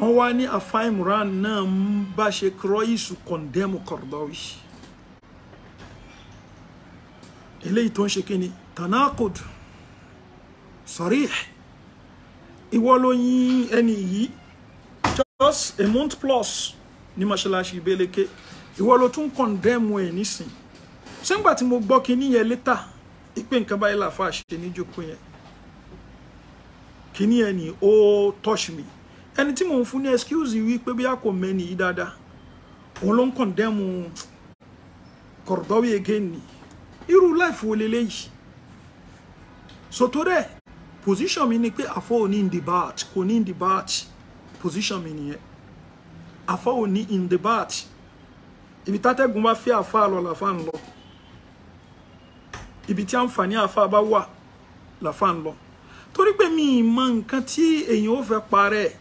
[SPEAKER 1] wọ́n wá ní afai moran náà ń bá ṣe croix condemn Qaradawi eléyìí tó ń ṣe kíni tanakod sarih ìwọ ló yín ẹni yìí just a month plus ní mọ́ṣáláṣí ìbéleke ìwọ ló tún condemn ẹ̀ nísìn ṣẹ́ngbà tí mo gbọ́ kíní yẹn létà ìpè nǹkan báyìí làfa ṣe níjókòó yẹn kíní yẹn ni ó oh, touch me ẹni tí mò ń fún ní excuse wí pé bóyá kò mẹ́ni yìí dáadáa òun ló ń condemn Kordawi again ni irú life wo leléyìí sotorẹ position mi ni pé àfọ òní in debate kò ní in debate position mi nìyẹn àfọ òní in debate ibi tátẹ́gùn bá fẹ́ àfa lọ làfa ń lọ ibi tí àǹfààní àfa bá wà làfa ń lọ torí pé mi ì mọ nǹkan tí èèyàn ò fẹ́ parẹ́ ẹ̀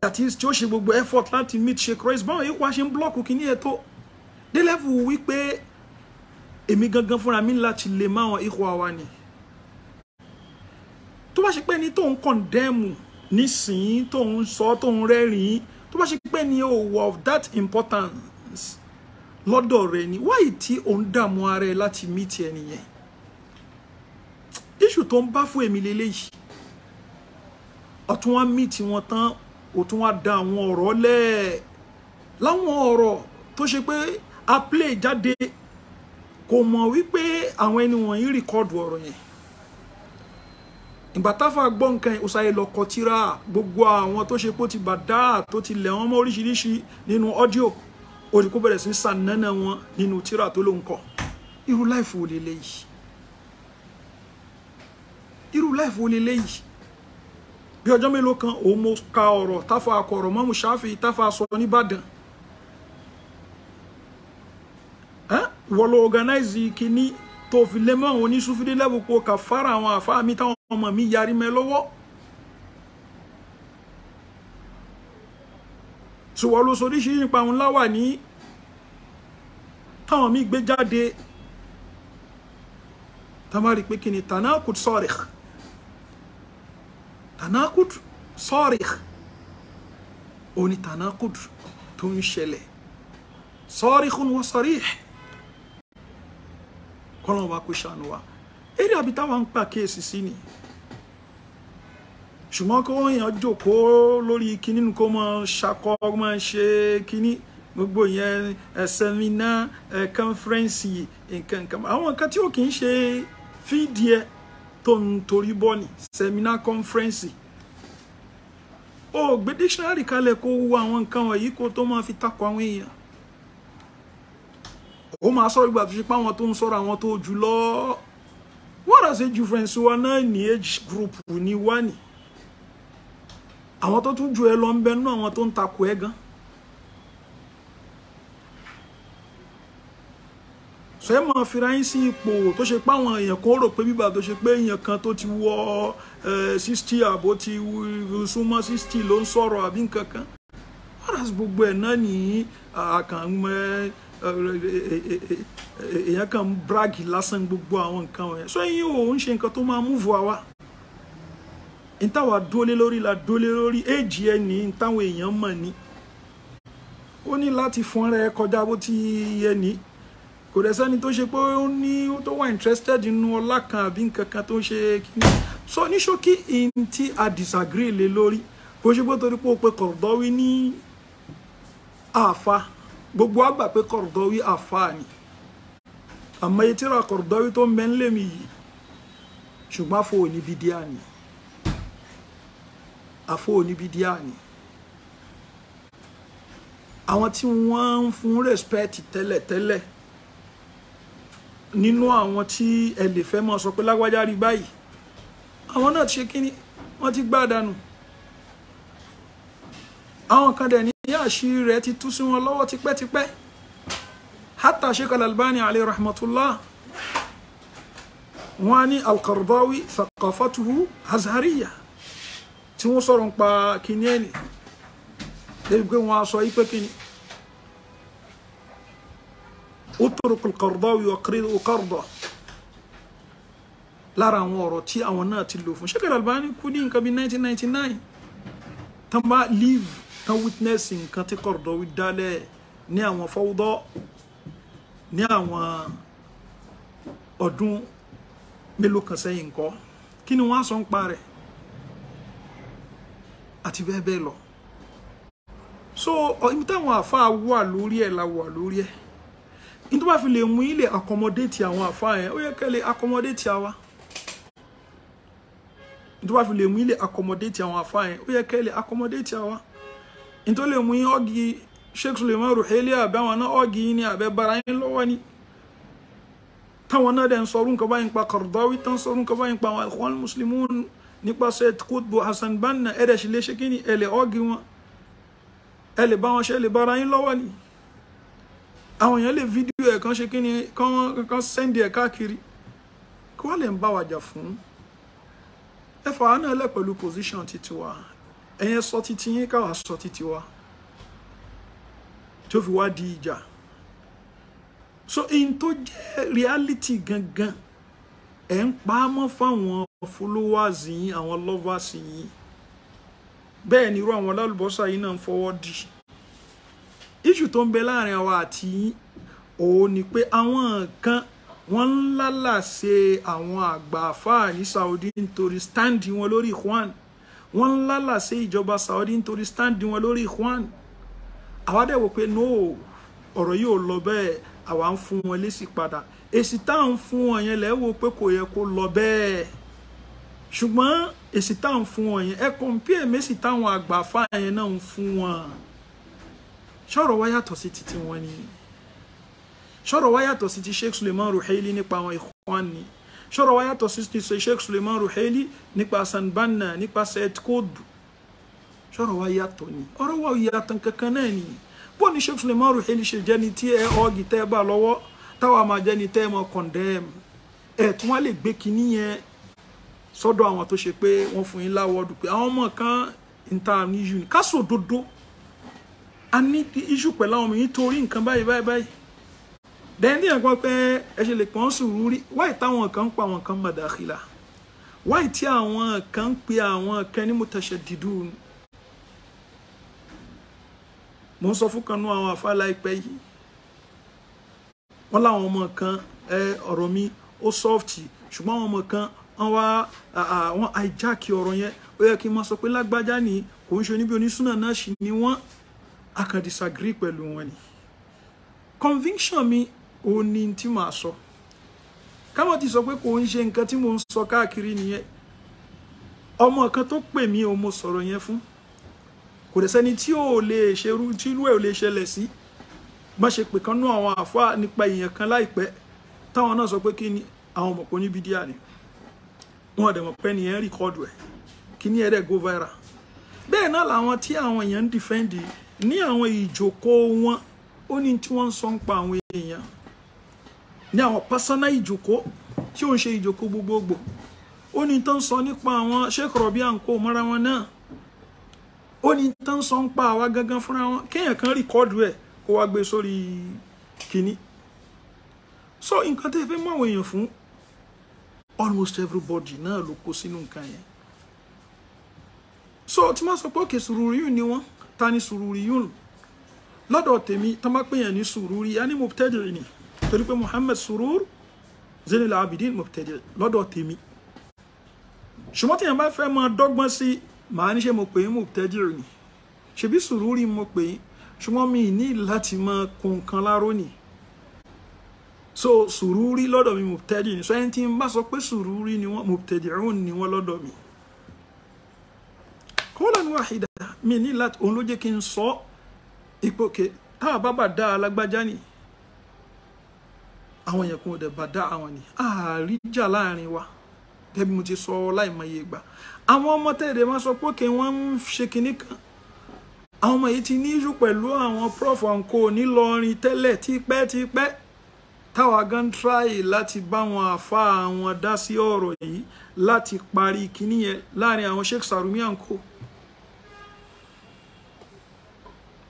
[SPEAKER 1] that is tí ó ṣe gbogbo effort láti meet Sheikh Royce báwọn yìí wá ṣe block blọ́ọ̀kù kí ní ètò dé level wípé èmi gangan fúnra mi láti lè máwọn ikú àwa ni To bá ṣe pé ní tó ń kọ̀ndẹ́mù nísìnyí tó ń sọ tó ń rẹ́rìn-ín tó bá ṣe pé o of that importance lọ́dọ̀ rẹ̀ ni Why tí ò ń dààmú ara ẹ láti mí tiẹ̀ nìyẹn iṣu tó ń bá fún èmi lélẹ́yìí ọ̀tún wá mí tí ó tún wá da àwọn oro lẹ̀ láwọn ọ̀rọ̀ tó ṣe pé a play jáde kò mọ̀ wípé àwọn ẹni wọ̀nyí rìkọ́dù ọ̀rọ̀ yẹn ìgbà táfà gbọ́ nǹkan ó sáré lọ kọ tírà gbogbo àwọn tó ṣe pé ó ti bàdá tó ti lẹ̀ wọ́n mọ́ oríṣiríṣi nínú ọ́díò òdìkú bẹ̀rẹ̀ sí sànánà wọn nínú tírà tó ló ń kọ irú láìfò lélẹ́yìí irú láìfò lélẹ́yìí bí ọjọ́ mélòó kan òun mo ka ọ̀rọ̀ táfa akọ̀rọ̀ mọ́mú ṣáfì táfa sọ nìbàdàn wọ́n lo organize kínní tó fi lé mọ́ àwọn oníṣúfìdí lẹ́bùpọ̀ kà fara àwọn àfáà mi táwọn ọmọ mi yarí mẹ́ lọ́wọ́. ṣùgbọ́n ló soríṣi nípa òun láwà ní táwọn mi gbé jáde tá a máa rí i pé kí ni tànà kò sọ̀rẹ̀ tanakud sọ́ọ̀rìk ó ní tanakud tó ń ṣẹlẹ̀ sọ́ọ̀rìkún wọ́n sọ́ọ̀rì kọ́lọ́n wa kó ṣàánú wa eré àbí táwọn ń pa kéèsì sí ni ṣùgbọ́n kó èèyàn jókòó lórí kíní kó mọ ṣakọ mọ ṣe kíní gbogbo yẹn sẹ́mínà kọ́nfẹ́rẹ́nsì nǹkan nǹkan àwọn nǹkan tí ó kì í ṣe fídíẹ̀ tó ń torí ni seminar conference o gbé dictionary kalẹ̀ kó wo àwọn nǹkan wọ̀nyí kó tó máa fi takò àwọn èèyàn ó máa sọ̀rọ̀ ìgbà tó ṣe pé àwọn tó ń sọ̀rọ̀ àwọn tó jù lọ wọ́n rà sí wa náà ní age group ní wá ní àwọn tó tún ju ẹ lọ ń bẹ nínú àwọn tó ń ẹ gan fẹ́ mọ̀ fira yín sí ipò tó ṣe pé àwọn èèyàn kan rò pé bíbà tó ṣe pé èèyàn kan tó ti wọ sixty àbó ti súnmọ́ sixty ló ń sọ̀rọ̀ àbí nǹkan kan whereas gbogbo ẹ̀ náà ní àkànmọ́ èèyàn kan ń bragi lásán gbogbo àwọn nǹkan wọ̀nyẹn so ẹ̀yin ò ń ṣe nǹkan tó máa mú àwa ìtawà dólé lórí la dólé lórí èjì ẹ ní ìtawà èèyàn mọ̀ ni ó ní láti fọ́nrẹ́ kọjá bó ti yẹ ní kò dẹ̀ sẹ́ni tó ṣe pé ó ní tó wà interested nínú ọlá kan àbí nǹkan kan tó ń ṣe kíní so ní ṣókí in tí a disagree lé lórí bó ṣe pé torí pé o pe Qaradawi ní àfa gbogbo àgbà pé Qaradawi àfa ni àmọ́ etí ra Qaradawi tó ń bẹ ń lèmi yìí ṣùgbọ́n àfọ òní bídíà ni àfọ òní bídíà ni àwọn tí wọ́n ń fún respect tẹ́lẹ̀tẹ́lẹ̀ nínú àwọn tí ẹ lè fẹ́ mọ́ sọ pé lágbájá rí báyìí àwọn náà ti ṣe kíní wọ́n ti gbá dànù àwọn kan dẹ̀ ní àṣírí rẹ̀ ti tú sí wọn lọ́wọ́ tipẹ́tipẹ́ hátà Sheikh albani alayhi rahmatullah wọn á ní Al-Qaradawi thaqafatuhu tí wọ́n sọ̀rọ̀ ń pa kíní ẹni débi pé wọ́n á sọ yí pé kíní. اترك القرضاوي وقرضه قرضه lára àwọn ọ̀rọ̀ tí àwọn náà ti lò fún Sheikh Al-Albani kú ní nǹkan bíi 1999 tán bá leave tán witness nǹkan tí Qardawi dálẹ̀ ní àwọn fọ́wọ́dọ́ ní àwọn ọdún mélòó kan sẹ́yìn ńkọ́ kí ni wọ́n á sọ ń pa rẹ̀ àti bẹ́ẹ̀ bẹ́ẹ̀ lọ so ibi táwọn àáfàá wà lórí ẹ̀ la wà lórí ẹ̀ nítorí wàá fi lè mú yín lè accommodate àwọn àfáà yẹn ó yẹ kẹ́ lè accommodate àwa nítorí wàá fi lè mú yín lè accommodate àwọn àfáà yẹn ó yẹ kẹ́ lè accommodate àwa nítorí lè mú ọ́gì Sheikh Suleiman Ruhaili àbí àwọn náà ọ́gì yín ni àbẹ́ bara yín lọ́wọ́ ni táwọn náà dẹ̀ ń sọrú nǹkan báyìí pa Qaradawi tán sọrú nǹkan báyìí pa àwọn Ikhwan Muslimun nípasẹ̀ Qutbu Hassan Banna ẹ̀rẹ̀ ṣe léṣe kí ni ẹ̀lẹ̀ ọ́gì wọn ẹ̀lẹ̀ bá wọn ṣe ẹ̀lẹ̀ bara yín lọ́wọ́ ni àwọn èèyàn lè fídíò ẹ̀ kan ṣe kí ni kan sẹ́ndì ẹ̀ káàkiri kí wọ́n lè ń bá wa jà fún ẹ̀fọ́ àánú ẹlẹ́ pẹ̀lú position títí wa ẹ̀yẹn sọ títí yín káwa sọ títí wa tó fi wá di ìjà so in tó jẹ́ reality gangan ẹ̀ ń pa á mọ́ fáwọn followers yín àwọn lovers yín bẹ́ẹ̀ ni irú àwọn alálùbọ́sà yìí náà ń fọwọ́ dì iṣu tó ń bẹ láàrin àwa àti yín òun ni pé àwọn nǹkan wọ́n ń lálàṣe àwọn àgbà àfáà ní Saudi nítorí stáǹdì wọn lórí Ikhwan wọ́n ń lálàṣe ìjọba Saudi nítorí stáǹdì wọn lórí Ikhwan àwa dẹ̀ wò pé no ọ̀rọ̀ yìí ò lọ bẹ́ẹ̀ àwa ń fún wọn lésì padà èsì tá à ń fún wọn yẹn lẹ́ wò pé kò yẹ kó lọ bẹ́ẹ̀ ṣùgbọ́n èsì tá fún wọn yẹn ẹ kọ̀ǹpìẹ̀ mẹ́sì táwọn àgbà àfáà yẹn náà ń fún wọn ṣọ́rọ̀ wá yàtọ̀ sí títí wọn ni ṣọ́rọ̀ wá yàtọ̀ sí ti Sheikh Suleiman Ruhaili nípa àwọn Ikhwan ni ṣọ́rọ̀ wá yàtọ̀ sí ti Sheikh Suleiman Ruhaili nípa Sanbanna nípa Said Qutb ṣọ́rọ̀ wá yàtọ̀ ni ọ̀rọ̀ wá yàtọ̀ kankan náà ni bó ni Sheikh Suleiman Ruhaili ṣe jẹ́ ni tí ẹ ọ́gì tẹ́ bá lọ́wọ́ táwa máa jẹ́ ni tẹ́ mọ́ condemn ẹ̀ tí wọ́n lè gbé kinní yẹn sọ́dọ̀ àwọn tó ṣe pé wọ́n fún yín láwọ́dù pé àwọn ọmọ kan ń ní ká sòdodo. So a ní issue pẹ̀lú àwọn ọmọnìyàn torí nǹkan báyìí báyìí báyìí dẹ́ndí àgbọ̀ pé ẹ ṣe lè pọ́n sùúrù rí wáì táwọn kan ń pa àwọn kan mọ̀dàkìlà wáì tí àwọn kan ń pe àwọn kan ní mutashadidun mo ń sọ fún kanú àwọn àfáà láìpẹ́ yìí wọ́n láwọn ọmọ kan ọ̀rọ̀ mi ó sọ́ọ̀tì ṣùgbọ́n àwọn ọmọ kan wọ́n wá àwọn àìjákì ọ̀rọ̀ yẹn ó yẹ kí n máa sọ pé lágbájá ni kò ń ṣe oníbi onísùnà náà ṣì ni wọ́n a kàn disagree pẹ̀lú wọn ni conviction mi òun ni tí màá sọ káwọn ti sọ pé kò ń ṣe nǹkan tí mo ń sọ káàkiri nìyẹn ọmọ kan tó pè mí o mo sọ̀rọ̀ yẹn fún kò dẹ̀ sẹ́ni tí ò lè ṣerú tí irú ẹ̀ ò lè ṣẹlẹ̀ sí má ṣe pè kan nú àwọn àfa nípa èèyàn kan láìpẹ́ táwọn náà sọ pé kí ni àwọn ọmọ kò ní bídíà ni wọn dẹ̀ mọ̀ pé ni ẹ̀ ń rìkọ́dù ẹ̀ kí ni ẹ̀ go viral bẹ́ẹ̀ náà làwọn tí àwọn èèyàn ń dìfẹ́ǹdì yìí ní àwọn ìjòkó wọn ó ní tí wọ́n ń sọ ń pa àwọn èèyàn ní àwọn pásánà ìjòkó tí ó ń ṣe ìjòkó gbogbogbò ó ní tán sọ nípa àwọn Sheikh Rabi à ń kó mọ́ra wọn náà ó ní tán sọ ń pa àwa gangan fúnra wọn kéèyàn kan rìkọ́dù ẹ̀ kó wá gbé sórí kínní so nǹkan tẹ́ fẹ́ mú àwọn èèyàn fún almost everybody náà ló kó sínú nǹkan yẹn so tí wọ́n sọ pé òkè sùúrù yìí ni wọ́n ta ni sururiyun lọ́dọ̀ tèmi tán bá pèèyàn ní sururi a ní mubtadi' ni torí pé Muhammad surur Zainul Abidin mubtadi' lọ́dọ̀ tèmi ṣùgbọ́n tí èèyàn bá fẹ́ máa dọ́gbọ́n sí màá ní ṣe mo pè é ni ṣebí sururi mo pè ṣùgbọ́n mi ní láti máa kun láró ni so sururi lọ́dọ̀ mi mubtadi' ni so ẹni tí n bá sọ pé sururi ni wọ́n mubtadi'un ni wọ́n lọ́dọ̀ mi kọ́lá ní wàhídà mi ní láti òun ló jẹ́ kí n sọ ìpòkè táwa bá bà dá alágbájá ni àwọn yẹn kún ọdẹ bà dá àwọn ni àríjà láàrin wa gẹ́gẹ́ mo ti sọ láìmọye ìgbà àwọn ọmọ tẹ̀lé máa sọ pé kí wọ́n ń ṣe kinní kan àwọn ọmọ yìí ti ní ìṣù pẹ̀lú àwọn prof ọ̀nkò nílọrin tẹ́lẹ̀ tipẹ́tipẹ́ táwa gan tíráì láti bá wọn àfa àwọn dá sí ọ̀rọ̀ yìí láti parí kinní yẹn láàrin àwọn sheikh sarumi ọ̀nkò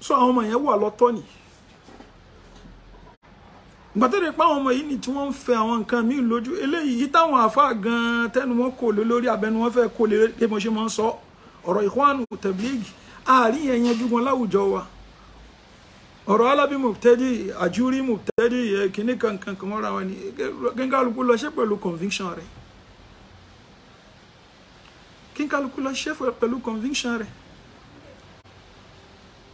[SPEAKER 1] so àwọn ọmọ yẹn wà lọ́tọ̀ ni gbàtẹ́rẹ̀ pa àwọn ọmọ yìí ni tí wọ́n ń fẹ́ àwọn nǹkan míì lójú eléyìí táwọn àáfàá gan-an tẹnu wọn kò lé lórí abẹnu wọn fẹ́ kò lé lé mo ṣe máa ń sọ ọ̀rọ̀ ìkwánu tẹ̀blígì àárín yẹn yanjú gan láwùjọ wa ọ̀rọ̀ alábí mùtẹ́dì àjúrí mùtẹ́dì kìíní kankan kan mọ́ra wọn ni kínkálukú lọ ṣe pẹ̀lú conviction rẹ̀ kínkálukú lọ ṣe pẹ̀lú conviction rẹ̀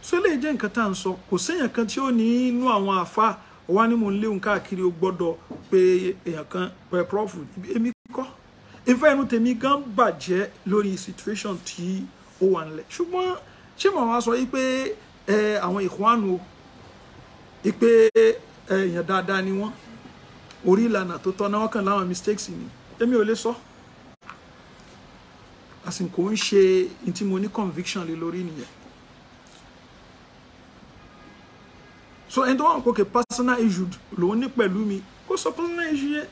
[SPEAKER 1] so eléyìí jẹ́ nǹkan tá à ń sọ kò séèyàn kan tí ó ní inú àwọn àfa wá ní mò ń léwu káàkiri ó gbọ́dọ̀ pé èèyàn kan pẹ̀ prof èmi kọ́ ìfẹ́ inú tèmi gan bàjẹ́ lórí situation tí ó wà nílẹ̀ ṣùgbọ́n ṣé màá wá sọ yìí pé àwọn ìkùnánù o ìpè èèyàn dáadáa ni wọ́n orí ìlànà tó tọ́ náà wọ́n kàn láwọn mistakes ni èmi ò lè sọ àsìkò ń ṣe ní tí mo ní conviction lé lórí nìyẹn so ẹni tó wà kókè personal issue lòun ní pẹ̀lú mi kó sọ personal issue yẹn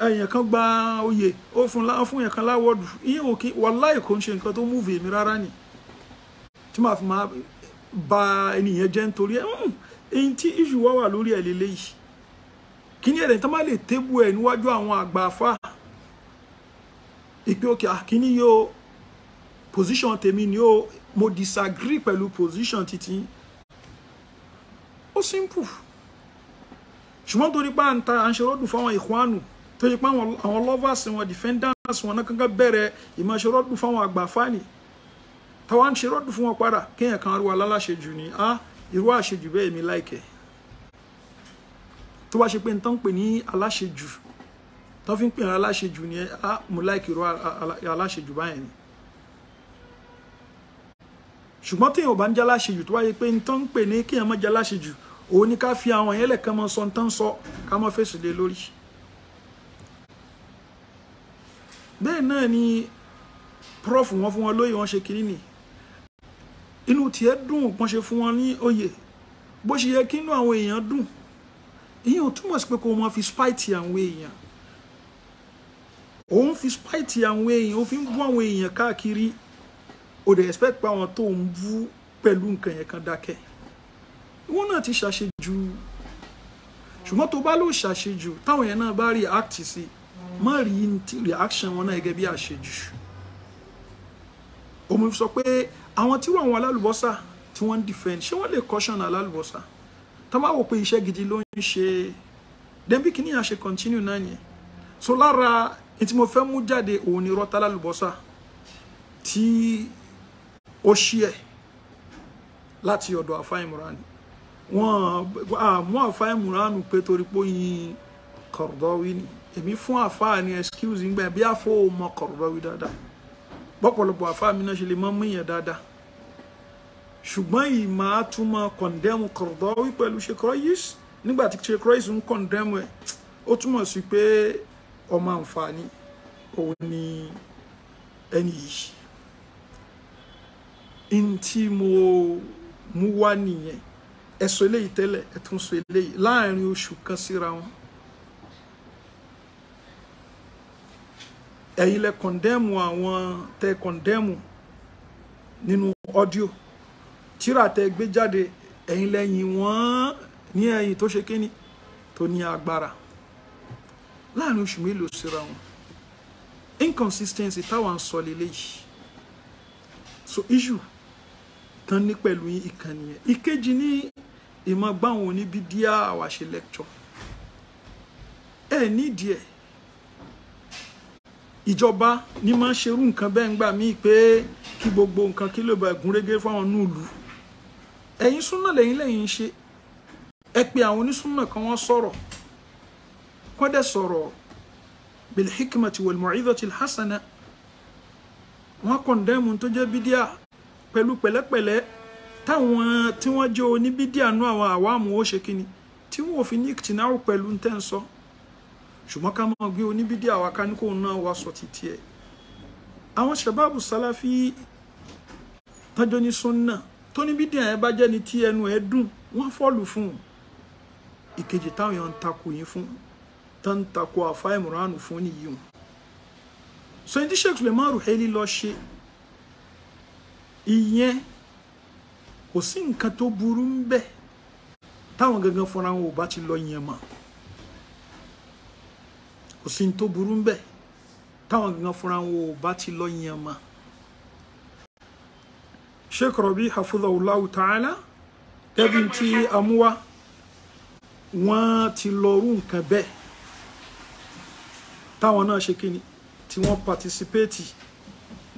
[SPEAKER 1] èèyàn kan gba oyè ó fún láwọn fún èèyàn kan láwọ́dù ìyẹn òkè wàláì kò ń ṣe nǹkan tó múùfì èmi rárá ni tí màá fi máa ba ènìyàn jẹ́ nítorí ẹ̀ hmm, ẹ̀yìn tí issue wá wà lórí ẹ̀ lélẹ́yìí kí ni ẹ̀rẹ̀ tó má lè tébù ẹ̀ níwájú àwọn àgbà ìpè òkè àkíní ah, yóò position tèmi ni ó mo disagree pẹ̀lú position títí ó simple ṣùgbọ́n torí pé à ń ta à ń ṣe rọ́dùn fáwọn ìkwánu tó yẹ pé àwọn lovers wọn defenders wọn náà kankan bẹ̀rẹ̀ ìmọ̀ ṣe rọ́dùn fáwọn àgbà fáàní táwa ń ṣe rọ́dùn fún wọn padà kéèyàn kan ariwo alálàṣejù ni a ah, irú àṣejù bẹ́ẹ̀ mi láìkẹ́ tó bá ṣe pé nǹkan pè ní aláṣejù tó fi ń pè ní aláṣejù ni á ah, mo láìkẹ́ irú aláṣejù báyẹn ni ṣùgbọ́n téèyàn ò bá ń jẹ́ aláṣejù tó wáyé pé nǹkan pè ní kéèyàn má jẹ́ aláṣejù òun ni ká fi àwọn yẹn lẹ̀kan mọ sọ tán sọ ká mọ fèsì lé lórí bẹ́ẹ̀ náà ni prof wọn fún wọn lóyè wọn ṣe kiri ni inú tiẹ̀ dùn pọ́n ṣe fún wọn ní oye. bó ṣe yẹ kí inú àwọn èèyàn dùn ìyẹn ò túmọ̀ sí pé kò mọ fi spite àwọn èèyàn òun fi spite àwọn èèyàn òun fi ń bú àwọn èèyàn káàkiri ò dẹ̀ expect pé àwọn tó ń bú pẹ̀lú nǹkan yẹn kan dákẹ́ ìwọ náà ti ṣàṣejù ṣùgbọ́n tó bá lò ṣàṣejù táwọn yẹn náà bá react sí má rí reaction wọn náà gẹ́gẹ́ bí àṣejù òun sọ pé àwọn tí wọ́n àwọn alálùbọ́sà tí wọ́n ń defend ṣé wọ́n lè caution alálùbọ́sà tá bá wò pé iṣẹ́ gidi ló ń ṣe then bí kìíní àṣe continue náà yẹn so lára ní tí mo fẹ́ mú jáde òun ni rọ́tà alálùbọ́sà tí ó ṣí ẹ̀ láti ọ̀dọ̀ àfáà wọn mú ah, àfa ìmúránù pé torí pé ó yin Qaradawi ni èmi fún àfa ni excuse ń gbà bí àfọ ò mọ Qaradawi dáadáa bọ́pọ̀lọpọ̀ àfa mi náà ṣe lè mọ mú yẹn dáadáa ṣùgbọ́n ìmọ̀ á tún máa kọ̀ndẹ́mù Qaradawi pẹ̀lú ṣekọ́ yìí nígbà tí ṣekọ́ yìí ń kọ̀ndẹ́mù ẹ̀ ó túmọ̀ sí pé ọmọ àǹfààní òun ni ẹni yìí ntí mo mú wá nìyẹn ẹ sọ eléyìí tẹ́lẹ̀ ẹ tún sọ eléyìí láàrin oṣù kan síra wọn ẹ̀yin lẹ kọ̀ndẹ́mù àwọn tẹ kọ̀ndẹ́mù nínú ọ́díò tíra tẹ gbé jáde ẹ̀yin lẹ́yìn wọ́n ní ẹ̀yìn tó ṣe kíni tó ní agbára láàrin oṣù mélòó síra wọn inconsistency táwọn sọ leléyìí so issue tán ní pẹ̀lú ìkànnì yẹn ìkejì ní ìmọ̀ gbáwọn oníbídíà wá ṣe lẹ́kṣọ̀ ẹ nídìí ẹ̀ ìjọba ní máa ń ṣerú nǹkan bẹ́ẹ̀ ń gbà míì pé kí gbogbo nǹkan kí ló bá gúnrégé fáwọn núùlù ẹ̀yin súnà lẹ́yìn lẹ́yìn ń ṣe ẹ pé àwọn onísúnà kan wọ́n sọ̀rọ̀ kọ́ dẹ̀ sọ̀rọ̀ bilhikmati walmu'idhati alhasana wọ́n kọ̀ndẹ́mù tó jẹ́ bídíà pẹ̀lú pẹ̀lẹ́pẹ̀lẹ́ táwọn tí wọ́n jẹ́ oníbídíà nú àwọn àwámù ó ṣe kíni tí wọn ò fi ní tìǹáwó pẹ̀lú tẹ́ ń sọ ṣùgbọ́n ká máa gbé oníbídíà wa ká ní kóun náà wá sọ títí ẹ̀ àwọn shababu salafi tọ́jọ́ ní sunna tóníbídíà ẹ bá jẹ́ ni tí ẹnu ẹ dùn wọ́n fọ́ọ̀lù fún un ìkejì táwọn èèyàn ń takò yín fún tó ń takò àfa ìmùránù fún nìyí wọn so tí sheikh suleiman ruhaili lọ ṣe ìyẹn kò sí nǹkan tó burú ń bẹ táwọn gangan fúnra wọn ò bá ti lọ yẹn mọ́ kò sí ní tó burú ń bẹ táwọn gangan fúnra wọn ò bá ti lọ yẹn mọ́ sheikh rabi hafidhahullahu ta'ala gẹ́gẹ́ tí amúwá wọ́n ti lọ nǹkan bẹ́ẹ̀ táwọn náà ṣe kíni tí wọ́n patisipéètì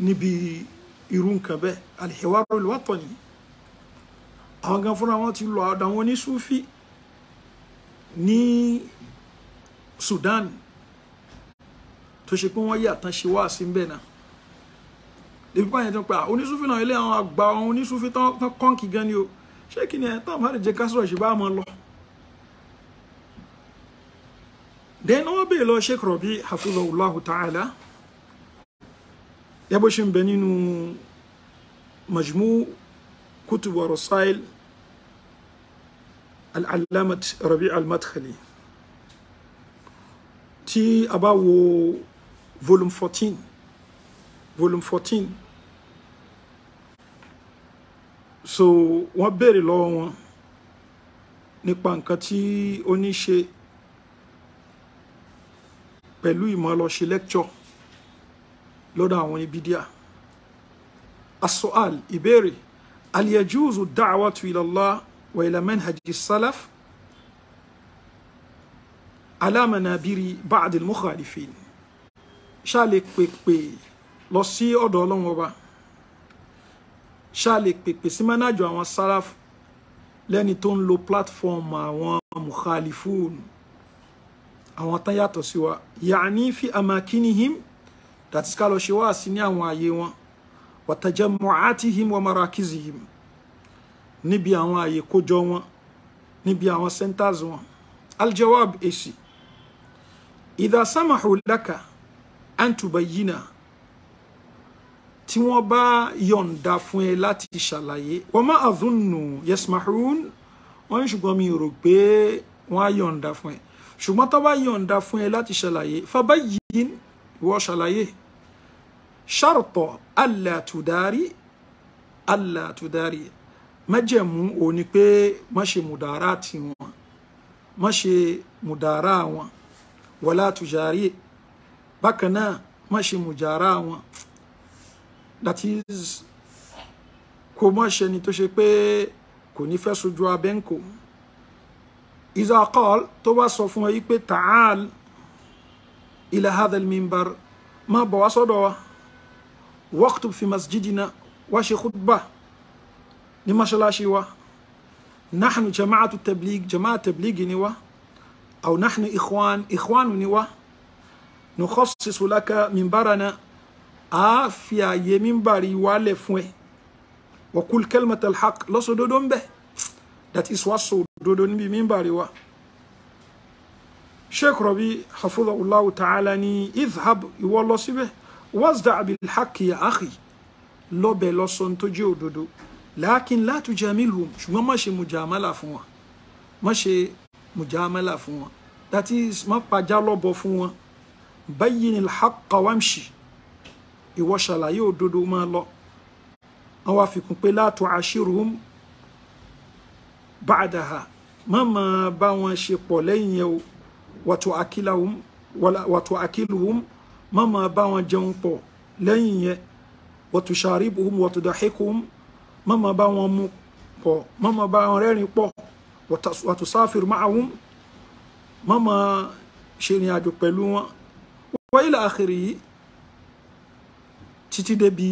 [SPEAKER 1] níbi irú nǹkan bẹ́ẹ̀ alìhẹ́wárò ìlú wàtọ̀ nìyí àwọn gan fúnra wọn ti lọ àwọn onísúfì ní Sudan tó ṣe pé wọ́n yí àtànṣe wá sí bẹ́ẹ̀ náà lèbi pààyàn tó ń pa onísúfì náà ilé àwọn àgbà àwọn onísúfì tán kọ́ǹkì gan ni o ṣé kí ni ẹ̀ tán bá lè jẹ kásìrò ṣe bá mọ́ lọ. then wọ́n bèèrè lọ Sheikh Rabi hafizahullahu ta'ala yẹ́bó ṣe ń bẹ nínú majmu' كتب ورسائل العلامة ربيع المدخلي تي أباو فولوم 14 فولوم 14 so wọ́n béèrè lọ́wọ́ wọn nípa nǹkan tí ó ní ṣe pẹ̀lú ìmọ̀ lọ ṣe lecture lọ́dọ̀ àwọn ibi díà asoal ìbéèrè هل يجوز الدعوة إلى الله وإلى منهج السلف على منابر بعض المخالفين شالك بيك بي لصي أدولون وبا شالك بيك بي سمنا جوان السلف lẹ́ni tó لو lo platform àwọn mukhalifun àwọn tán yàtọ̀ sí wa yàní fi amakinihim that is ká lọ ṣe wá sí ní wàtàjẹmọ́átìhìm wa marakizihim níbi àwọn àyè kójọ wọn níbi àwọn centers wọn aljawab èsì ìdá samahu laka antubayina tí wọ́n bá yọ̀ǹda fún ẹ láti ṣàlàyé wọ́n má àdúnnù yasmahun wọ́n ń ṣùgbọ́n mi rò pé wọ́n á yọ̀ǹda fún ẹ ṣùgbọ́n tó bá yọ̀ǹda fún ẹ láti ṣàlàyé fabayyin ìwọ ṣàlàyé ṣàrùtọ̀ alátúdárì تداري májẹ̀mú تداري ni pé má ṣe mùdàrá tiwọn má ṣe mùdàrá wọn wọlá tùjárì bákan náà má ṣe that is kò mọ́ ṣe ni tó ṣe pé kò ní fẹ́ sojú abẹ́ ń kò izakol tó bá sọ fún ẹ ta'al ila hadha al-minbar má bọ̀ wá sọ́dọ̀ wa waktub fi masjidina wá ṣe khutba ní mọ́ṣáláṣí wa nahnu jama'atu tabligh jama'a tabligi ni wa aw nahnu ikhwan ikhwanu ni wa nukhassisu laka minbarana a fi ààyè minbari wálẹ̀ fún ẹ wa kul kalmata alhaq lọ́sọ̀dodo ń bẹ that is wá sọ òdodo níbi minbari wa sheikh rabi hafidhahullahu ta'ala ni idhhab ìwọ lọ síbẹ̀ wasda bilhaki ya akhi lọ́bẹ̀ lọ́sọ̀n tó jẹ́ òdodo láàkín látú jamilhum ṣùgbọ́n má ṣe mujamala fún wọn má ṣe mujamala fún wọn that is má pàjá lọ́bọ̀ fún wọn bayyin alhaqa wamshi ìwọ ṣàlàyé òdodo máa lọ wọn wá fikún pé látú ashiruhum ba'daha má máa bá wọn ṣe pọ̀ lẹ́yìn yẹn o wàtú akiluhum má máa bá wọn jẹun pọ̀ lẹ́yìn yẹn watusharibuhum watudahikuhum má máa bá wọn mu pọ̀ má máa bá wọn rẹ́rìn pọ̀ watusafiru ma'ahum má máa ṣe ìrìn àjò pẹ̀lú wọn wa ila akhiri yìí títí débi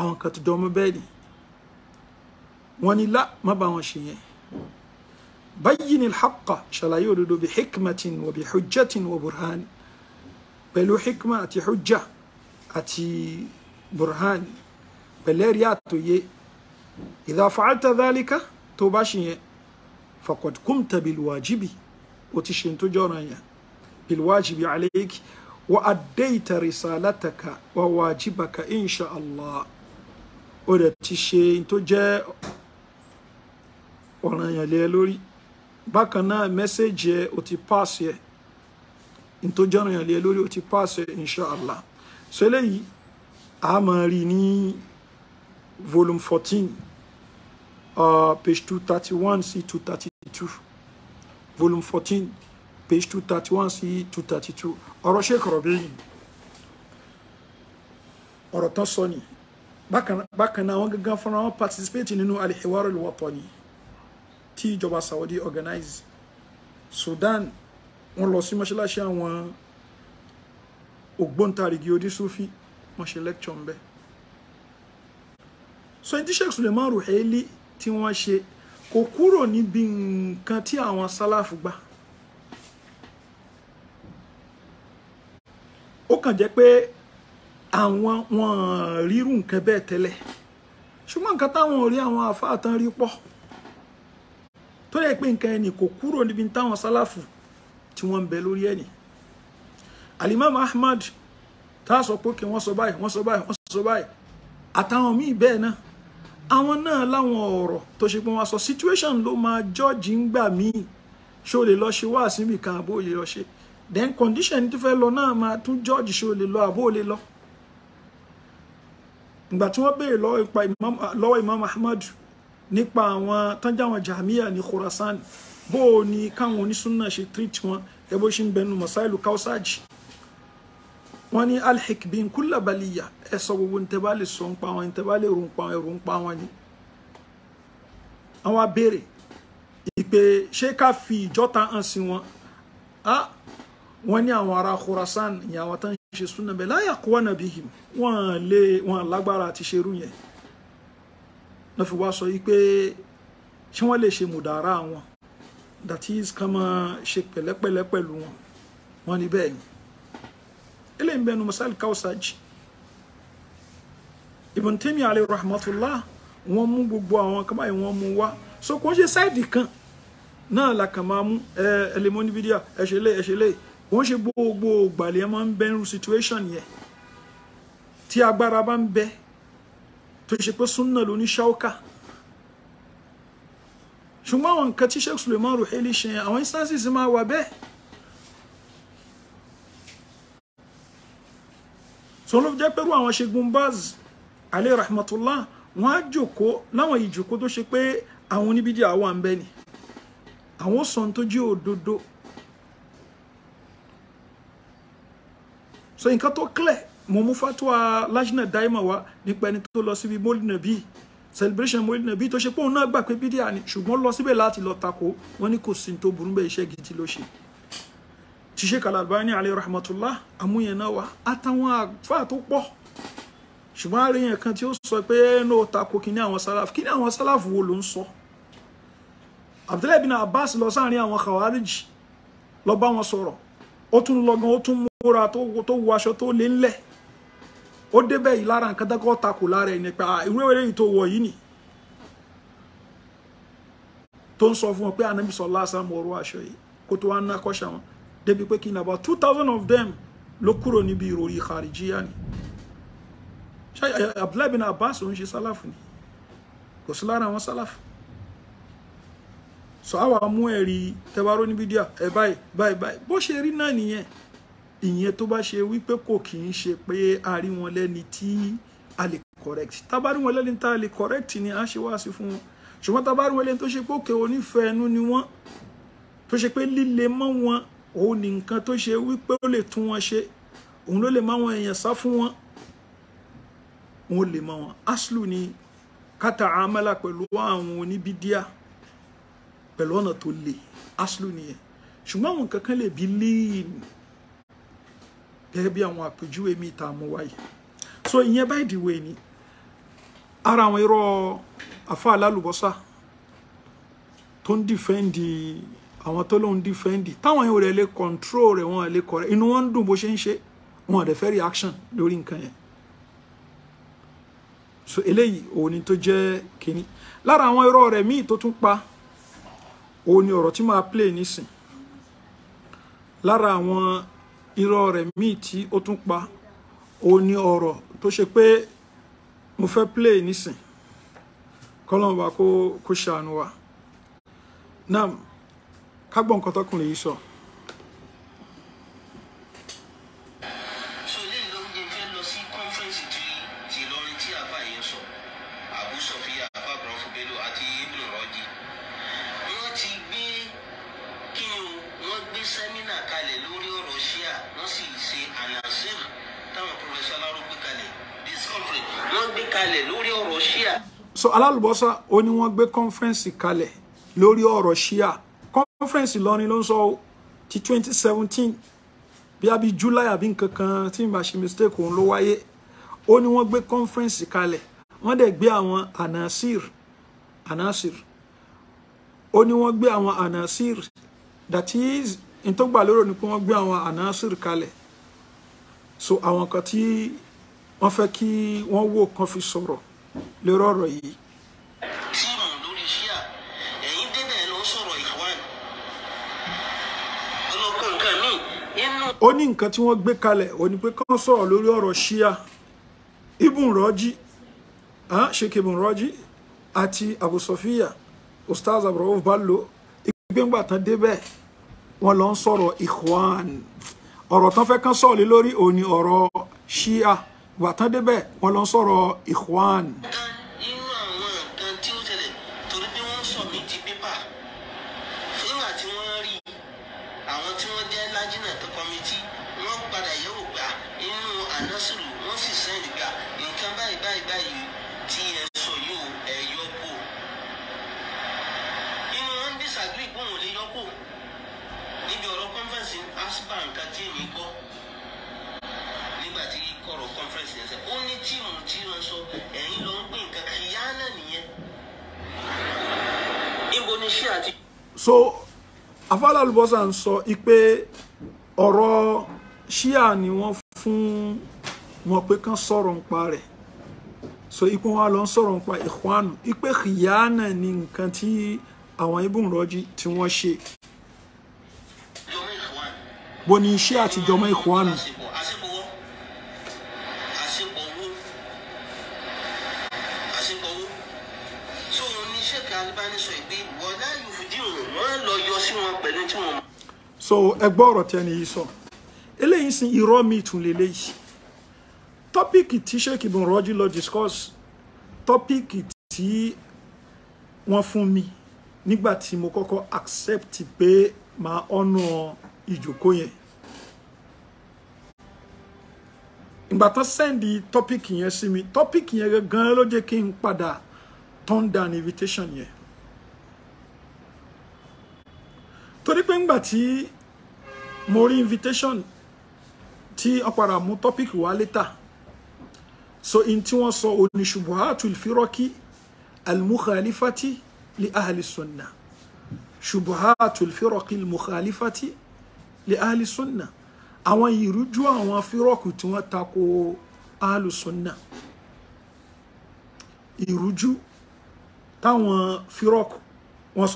[SPEAKER 1] àwọn kan ti dọ́mọ bẹ́ẹ̀ ni wọ́n ní lá má bá wọn ṣe yẹn bayyin alhaqqa ṣàlàyé òdodo bi hikmatin wa bi hujjatin wa burhan pẹ̀lú hikma àti hujja àti burhan pẹ̀lú ẹ̀rí àtòyé idha fa'alta dhalika tó bá ṣe yẹn faqad kumta bilwajibi ó ti ṣe tó jọ́ra yẹn bilwajibi alayki wa addaita risalataka wa wajibaka insha Allah ó dẹ̀ ti ṣe tó jẹ́ ọ̀ranyàn lé lórí bákan náà mẹ́sẹ̀jì ẹ̀ ó ti pass yẹ tó jọ́ràn yàn lé lórí ó ti pàṣẹ inshallah so eléyìí a máa rí ní volume fourteen uh, page two thirty one sí two thirty two volume fourteen page two thirty one sí two thirty two ọ̀rọ̀ Sheikh Rabi' ọ̀rọ̀ tán sọ ni bákan náà wọ́n gángan fúnra wọn participate nínú al-hiwar al-watani tí ìjọba Saudi organize Sudan wọ́n lọ sí mọ́ṣáláṣí àwọn ògbóǹtarìgì onísúfí wọ́n ṣe lecture ńbẹ̀ so ẹni tí Sheikh Suleiman Ruhaili tí wọ́n ṣe kò kúrò níbi nǹkan tí àwọn sálàfù gbà ó kàn jẹ́ pé àwọn wọn rírù nǹkan bẹ́ẹ̀ tẹ́lẹ̀ ṣùgbọ́n nǹkan táwọn ò rí àwọn àfáà tán rí pọ̀ tó yẹ pé nǹkan ẹni kò kúrò níbi táwọn sálàfù tí wọ́n ń bẹ lórí ẹ̀nì alimami ahmad tá a sọ pé kí wọ́n sọ báyìí wọ́n sọ báyìí wọ́n sọ báyìí àtàwọn míì bẹ́ẹ̀ náà àwọn náà láwọn ọ̀rọ̀ tó ṣe pé wọ́n sọ situation ló máa jọ́ọ̀jì ń gbà míì ṣé o lè lọ ṣe wá síbi kan àbó lè lọ ṣe then condition tó fẹ́ lọ náà máa tún jọ́ọ̀jì ṣé o lè lọ àbó lè lọ ìgbà tí wọ́n béèrè lọ́wọ́ imam ahmad nípa àwọn tọ́jà àwọn jàmíà ní khurasan bó o ní káwọn onísúnà ṣe treat wọn ẹ bó ṣe ń bẹnu mọ̀sáìlù káwọ́sáàjì wọn ní alhik bin kúlà balìyà ẹ sọ gbogbo ní tẹ́bá lè sọ ń pa wọn ní tẹ́bá lè rò ń pa wọn ẹ̀rù ń pa wọn ni. àwọn abéèrè ìpè ṣé ká fi ìjọta hàn sí wọn á wọn ní àwọn ará Khurasan ní àwọn tán ṣe súnà bẹ́ẹ̀ láyà kó wọn nàbí him wọn lè wọn lágbára àti ṣerú yẹn náà wá sọ yìí pé ṣé wọn lè ṣe mùdàrá wọn that is kama máa ṣe pẹ̀lẹ́pẹ̀lẹ́ pẹ̀lú wọn wọn ní bẹ́ẹ̀ ni eléyìí ń bẹnu masal kausaj Ibn Taymiyyah alayhi rahmatullah wọ́n mú gbogbo àwọn kan báyìí wọ́n mú wá so kò ń ṣe sáìdì kan náà la kàn máa mú ẹ ẹlẹmọ́ni fídíà ẹ̀ṣẹ̀lẹ̀ ẹ̀ṣẹ̀lẹ̀ kò ń ṣe gbogbo gbàlẹ́ máa ń bẹ́rù situation yẹn Ti agbára bá ń bẹ tó ṣe pé súnà lóní ṣáúkà ṣùgbọ́n àwọn nǹkan tí sheikh suleiman ruhaili ṣe àwọn instances máa wà bẹ́ẹ̀ tó ló jẹ́ pẹ̀lú àwọn ṣègùn baz alẹ́ rahmatullah wọ́n á jòkó láwọn ìjòkó tó ṣe pé àwọn oníbídìí àwọn à ń ni àwọn ò sàn tó jẹ́ òdodo so nǹkan tó clear mo mú fatwa lajna daima wa nípa ẹni tó lọ síbi mólínà bíi celebration mori nàbí tó ṣe pé òun náà gbà pé bídíà ni ṣùgbọ́n lọ síbẹ̀ láti lọ tako wọn ní kò sí tó burú bẹ́ẹ̀ iṣẹ́ gidi ló ṣe ti Sheikh Al-Albani alayhi rahmatullah amúyẹn náà wá àtàwọn àfáà tó pọ̀ ṣùgbọ́n àríyàn kan tí ó sọ pé ẹnu tako kí ní salaf kí ní salaf wo ló ń Abdullahi bin Abbas lọ sáàrin àwọn khawarij lọ bá wọn sọ̀rọ̀ ó tún lọ gan ó tún múra tó wọ aṣọ tó lé ńlẹ̀ ó débẹ̀ yìí lára nǹkan tẹ́kọ̀ takò lára ẹ̀ nípa ah, irú eré yìí tó wọ̀ yìí nì tó ń sọ fún wọn pé anabi sọ lásán mọ ọ̀rọ̀ aṣọ yìí kó tó wá ń nákọ́ṣà wọn débi pé kí n about two thousand of them ló kúrò níbi ìròrí ìkàrìjíyà ni ṣe Abdullahi bin Abbas òun ṣe sálàfù ni kò sí lára àwọn sálàfù sọ àwa mú ẹ̀rí tẹ́wárọ́ níbi díà ẹ̀ eh, báyìí báyìí báyìí bó ṣe rí náà nìyẹn ìyẹn tó bá ṣe wípé kò kì í ṣe pé a rí wọn lẹ́ni tí a lè correct tá bá rí wọn lẹ́ni tá a lè correct ni a ṣe wá sí fún wọn ṣùgbọ́n tá bá rí wọn lẹ́ni tó ṣe pé òkè onífẹ̀ẹ́ ẹnu ni wọ́n tó ṣe pé líle mọ́ wọn òun ní nǹkan tó ṣe wípé ó lè tún wọn ṣe òun ló lè má wọn èèyàn sá fún wọn òun lè mọ wọn aslu ni kátà amala pẹ̀lú àwọn oníbídíà pẹ̀lú ọ̀nà tó le aslu nìyẹn ṣùgbọ́n àwọn kankan lè bí líìnì gẹ́gẹ́ bí àwọn àpèjúwe mi tá a wáyé so ìyẹn báyìí dìwé ni ara àwọn irọ́ afá alálùbọ́sà tó ń dìfẹ́ǹdì àwọn tó lóun dìfẹ́ǹdì táwọn yẹn ò rẹ̀ lè kọ̀ǹtró rẹ̀ wọ́n lè kọ̀ rẹ̀ inú wọn ń dùn bó ṣe ń ṣe wọn ò fẹ́ reaction lórí nǹkan yẹn so eléyìí òun ni tó jẹ́ kínní lára àwọn irọ́ rẹ̀ míì tó tún pa òun ni ọ̀rọ̀ tí máa play nísìn lára àwọn irọ́ rẹ̀ míì tí ó tún pa ó ní ọ̀rọ̀ tó ṣe pé mo fẹ́ play nísìn kọ́lọ́n ko kó ṣàánú wa ká sọ. So. Àtàbọ̀sà ó ní wọ́n gbé kọ́nfẹ́rẹ́nsì kalẹ̀ lórí ọ̀rọ̀ ṣíà kọ́nfẹ́rẹ́nsì lọ́rin ló ń sọ ti 2017 bí a bí July àbí nǹkan kan tí màá ṣe mistake òun ló wáyé ó ní wọ́n gbé kọ́nfẹ́rẹ́nsì kalẹ̀ wọ́n dẹ̀ gbé àwọn anasir anasir ó ní wọ́n gbé àwọn anasir that is n tó gbà lérò ni pé wọ́n gbé àwọn anasir kalẹ̀ so àwọn kan tí wọ́n fẹ́ kí wọ́n wò kan fi sọ̀rọ̀ lérò ọ̀rọ̀ yìí ó ní nǹkan tí wọ́n gbé kalẹ̀ ó ní pé kán sọ̀rọ̀ lórí ọ̀rọ̀ ṣíà ibùn rọ́jí ṣèkè rọ́jí àti Abu Sofia ustaz Abdul Ballo ìgbéǹgbà tán débẹ̀ wọ́n lọ ń sọ̀rọ̀ ikhwan ọ̀rọ̀ tán fẹ́ kán sọ̀rọ̀ lé lórí òní ọ̀rọ̀ ṣíà gbà tán débẹ̀ wọ́n lọ ń sọ̀rọ̀ ikhwan. so afárá àlùbọ́sà ń sọ pé ọ̀rọ̀ ṣíà ni wọ́n fún wọn pé kán sọ̀rọ̀ nípa rẹ̀ so ipe wọn lọ ń sọ̀rọ̀ nípa ipe khiyana ni nǹkan tí àwọn ibùn rọ́jí tí wọ́n ṣe bó ni iṣẹ́ àtijọ́ mọ́ ìkwánu. so ẹgbọ́ ọ̀rọ̀ tẹni yìí sọ eléyìí sin irọ́ mi tún lélẹ́yìí tọ́píìkì tí sheik ibn rọ́jí lọ discuss tọ́píìkì tí wọ́n fún mi nígbà tí mo kọ́kọ́ accept pé máa ọ̀nà ìjókòó yẹn ìgbà tán sẹ́ndì tọ́píìkì yẹn sí mi tọ́píìkì yẹn gan-an ló jẹ́ kí n padà turn down invitation yẹn. torí pé ńgbà tí mo rí invitation tí ọ̀pára mú topic wá later so in tí wọ́n sọ oníṣubuhatul firọ́kì almukhalifati li ahli sunna ṣubuhatul firọ́kì almukhalifati li ahli sunna àwọn ìrújú àwọn firọ́kù tí wọ́n tako ahli sunna ìrújú táwọn firọ́kù wọ́n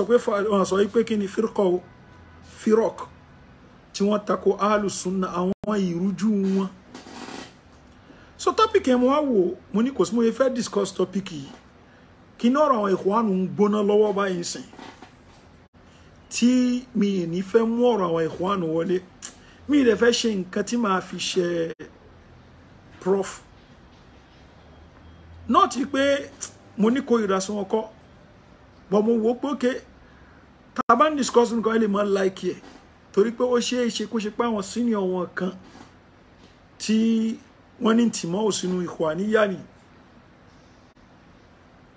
[SPEAKER 1] sọ pé kí ni firọ́kù firok tí wọ́n tako alùsùnà àwọn ìrújú wọn so topic yẹn mo wá wò mo ní kò sí mo yẹ fẹ́ discuss topic yìí kí ní ọ̀rọ̀ àwọn ìkùnánù ń gbóná lọ́wọ́ báyìí sìn tí mi ì ní fẹ́ mú ọ̀rọ̀ àwọn ìkùnánù mi ì lè fẹ́ ṣe nǹkan tí fi ṣe prof náà ti pé mo ní kó ìrasùn ọkọ bọ̀ mo wò ó Okay, tá bá ń discuss nǹkan ẹ lè mọ like ẹ torí pé ó ṣeé ṣe kó ṣe pé àwọn senior wọn kan tí wọ́n ní tìmọ́ òsínú ìkọ àníyá ni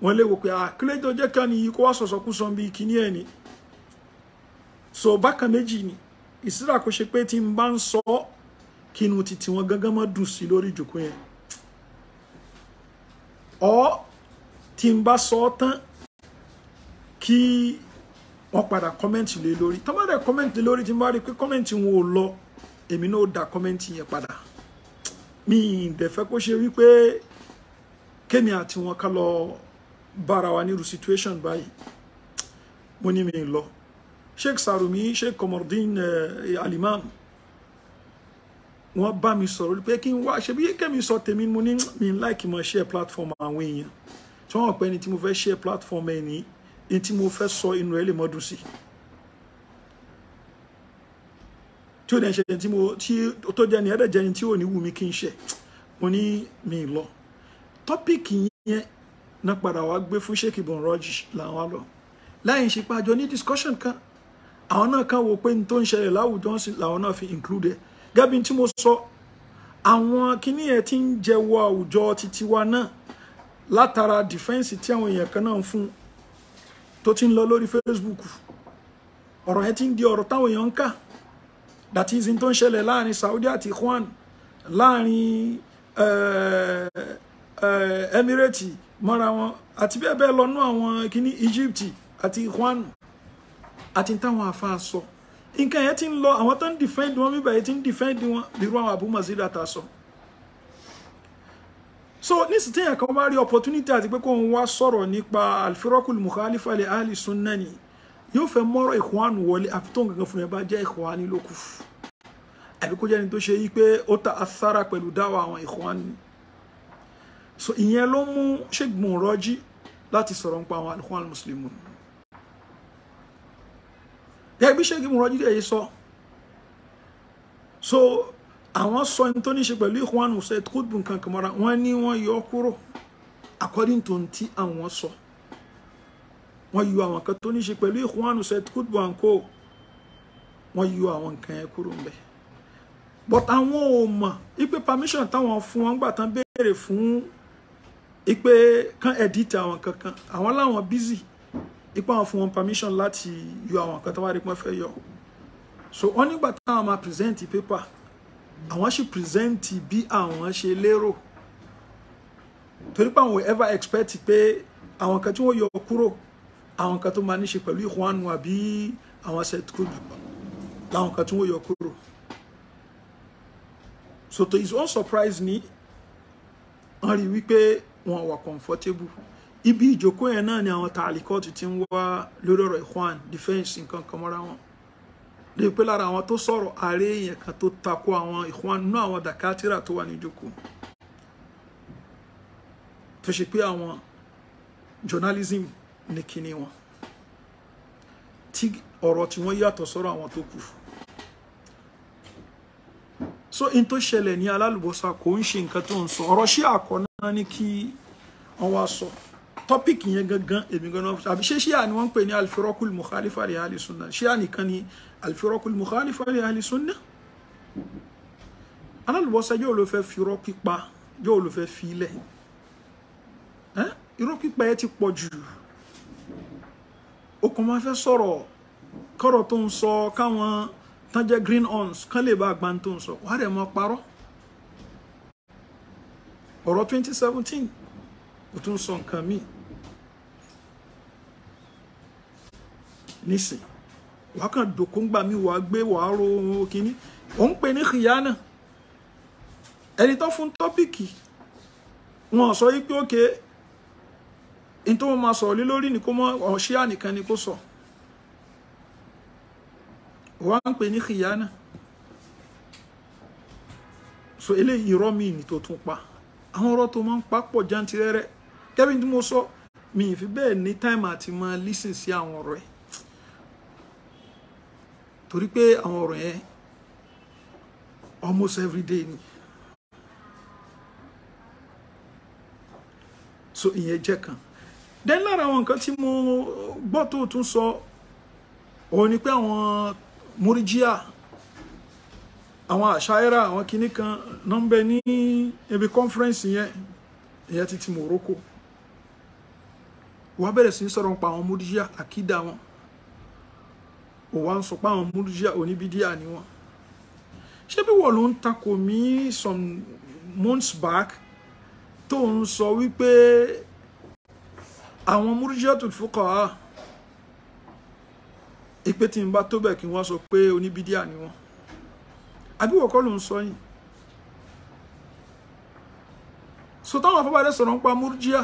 [SPEAKER 1] wọ́n léwo pé àkílẹ̀ ah, tó jẹ́ kan nìyí kó wá sọ̀sọ̀ kú sàn bíi kíní ẹ̀ ni so bákan méjì ni ìsíra kó ṣe pé tí n bá ń sọ kínú títí wọn gángan mọ́ dùn sí lórí ìjòkó yẹn ọ tí n bá sọ ọ tán kí wọ́n padà kọ́mẹ́ǹtì lé lórí tọ́ bá dẹ̀ kọ́mẹ́ǹtì lé lórí tí mo bá rí i pé kọ́mẹ́ǹtì wọn ò lọ èmi náà da kọ́mẹ́ǹtì yẹn padà mi dẹ̀ fẹ́ kó ṣe wípé kémi àti wọn ká lọ bára wa nírú situation báyìí mo ní mi lọ Sheikh Sarumi Sheikh Komordin eh, Alimam wọ́n bá mi sọ̀rọ̀ pé kí n wá ṣe bí kémi sọ tèmi mo ní mi láìkì mọ̀ share platform àwọn èèyàn tí wọ́n pẹ́ ni tí mo fẹ́ share platform ẹ̀ nìyí in tí mo fẹ́ sọ inú ẹ lè mọ́ dùn sí tí ó dẹ̀ ń ṣe tí mo tí tó jẹ́ ni ẹ̀dẹ̀ jẹ́ ni tí ò ní wù mí kí n ṣe mo ní mi lọ tọ́píìkì yẹn náà padà wá gbé fún Sheikh Ibn làwọn lọ láì ṣe pé ní discussion kan àwọn náà kan wò pé n tó ń ṣẹlẹ̀ láwùjọ làwọn náà fi include gẹ́bí tí mo sọ àwọn kíní yẹn ti ń jẹ́wọ́ àwùjọ titiwa náà látara defense tí àwọn èèyàn kan náà ń fún tó ti ń lọ lórí Facebook ọ̀rọ̀ ẹ ti ń di ọ̀rọ̀ táwọn èèyàn ń kà that is in tó ń ṣẹlẹ̀ láàrin Saudi àti Ikhwan láàrin eh, eh, Emirate mọ́ra wọn àti bẹ́ẹ̀ bẹ́ẹ̀ lọ́nú àwọn kìíní Egypt àti Ikhwan àti táwọn afa sọ nǹkan yẹn ti ń lọ àwọn tó ń defend wọn bíbẹ̀ yẹn ti ń defend wọn bí irú àwọn Abu Mazida ta sọ. So so nísìnyí téèyàn kan bá rí opportunity àti pé kó ń wá sọ̀rọ̀ nípa alfirakul mukhalifa li ahli sunna ni yóò fẹ́ mọ́rọ̀ ikhwanu wọlé àfi tó ń gangan fún yẹn bá jẹ́ ikhwani ló kù àbí kó jẹ́ni tó ṣe yí pé ó ta athara pẹ̀lú dáwà àwọn ikhwani so ìyẹn ló mú ṣègbọn rọjí láti sọ̀rọ̀ nípa àwọn alikhwan muslimun gẹ́gẹ́ bí ṣègbọn rọjí dẹ̀ yìí sọ so àwọn sọ ní tó ní ṣe pẹ̀lú Ikhwan Said Qutb nǹkan kan mọ́ra wọ́n ní wọ́n yọ kúrò according to ti àwọn sọ wọ́n yọ àwọn kan tó ní ṣe pẹ̀lú Ikhwan Said Qutb àǹkó wọ́n yọ àwọn nǹkan yẹn kúrò ń bẹ̀ but àwọn ò mọ̀ ipe permission táwọn fún wọn gbà tán béèrè fún ipe kan edit àwọn kankan àwọn láwọn busy ipa àwọn fún wọn permission láti yọ àwọn kan tó wá rí pọ́n fẹ́ yọ so wọ́n nígbà táwọn máa present paper àwọn sì present bí àwọn ṣe lérò torí pé àwọn ever expect pé àwọn kan tí wọ́n yọ kúrò àwọn kan tó máa ní ṣe pẹ̀lú ìhùwánu àbí àwọn sẹ́tìkúdù láwọn kan tí wọ́n yọ kúrò so to his own surprise ni wọ́n rí wípé wọn wà comfortable ibi ìjókòó yẹn náà ni àwọn tààlíkọ́ọ̀tù ti ń wá lórí ọ̀rọ̀ ìhùwán defence nǹkan kan mọ́ra wọn débi pé lára àwọn tó sọ̀rọ̀ ààrẹ èèyàn kan tó tako àwọn ìkùnánú àwọn dàkátìrà tó wà níjókòó tó ṣe pé àwọn journalism ní kíní wọn tí ọ̀rọ̀ tí wọ́n yàtọ̀ sọ́rọ̀ àwọn tó kù so in tó ṣẹlẹ̀ ní alálùbọ́sà kò ń ṣe nǹkan tó ń sọ ọ̀rọ̀ ṣé àkọ́ná ní kí wọ́n wá sọ topic yẹn gangan èmi gan náà àbí ṣé ṣíà ni wọ́n ń pè ní alfirakul mukhalifa rẹ̀ alìsúnà ṣíà nìkan ni alifirọ́kù mukhalifa li ahli sunna alálùbọ́sẹ̀ yóò ló fẹ́ fi irọ́ pípa yóò ló fẹ́ fi ilẹ̀ irọ́ pípa ẹ ti pọ̀ jù okùn máa fẹ́ sọ̀rọ̀ kọ́rọ̀ tó ń sọ káwọn tán jẹ́ green horns kán lè bá àgbà tó ń sọ wàá rẹ̀ mọ́ parọ́ ọ̀rọ̀ 2017 kò tún sọ nǹkan míì nísìnyí wàá kàn dòkóńgbà mi wàá gbé wàá ro kínní ò ń pè ní kìyànà ẹni tó fún tọ́pìkì wọn sọ yí pé ókè ní tó máa sọ̀rọ̀ lé lórí ni kó mọ ọ̀ṣíà nìkan ni kó sọ wàá ń pè ní kìyànà so eléyìí irọ́ mi ni tó tún pa àwọn ọ̀rọ̀ tó máa ń papọ̀ jantirẹ́rẹ́ kẹ́bí tí mo sọ mi ì fi bẹ́ẹ̀ ní táìmù àti máa lísìn sí àwọn ọ̀rọ̀ yìí torí pé àwọn ọ̀rọ̀ yẹn almost every day ni so ìyẹn jẹ́ kan then lára àwọn nǹkan tí mo gbọ́ tó tún sọ òun ni pé àwọn múríjíà àwọn àṣàyẹ́rà àwọn kinní kan nọ́mbẹ ní ibi conference yẹn ìyẹn ti ti Morocco wọ́n bẹ̀rẹ̀ sí sọ̀rọ̀ nípa àwọn múríjíà àkídà wọn ò wá ń sọ pé àwọn múlùjíà oníbídíà ni wọn ṣé bí wọ́n ló ń takò mí some months back tó ń sọ wípé àwọn múlùjíà tó fọkọ̀ á ìpè tí n bá tó bẹ̀ kí wọ́n sọ pé oníbídíà ni wọ́n àbí wọ́n kọ́ ló ń sọ yìí so táwọn afọ́bàdé sọ̀rọ̀ ń pa múrjíà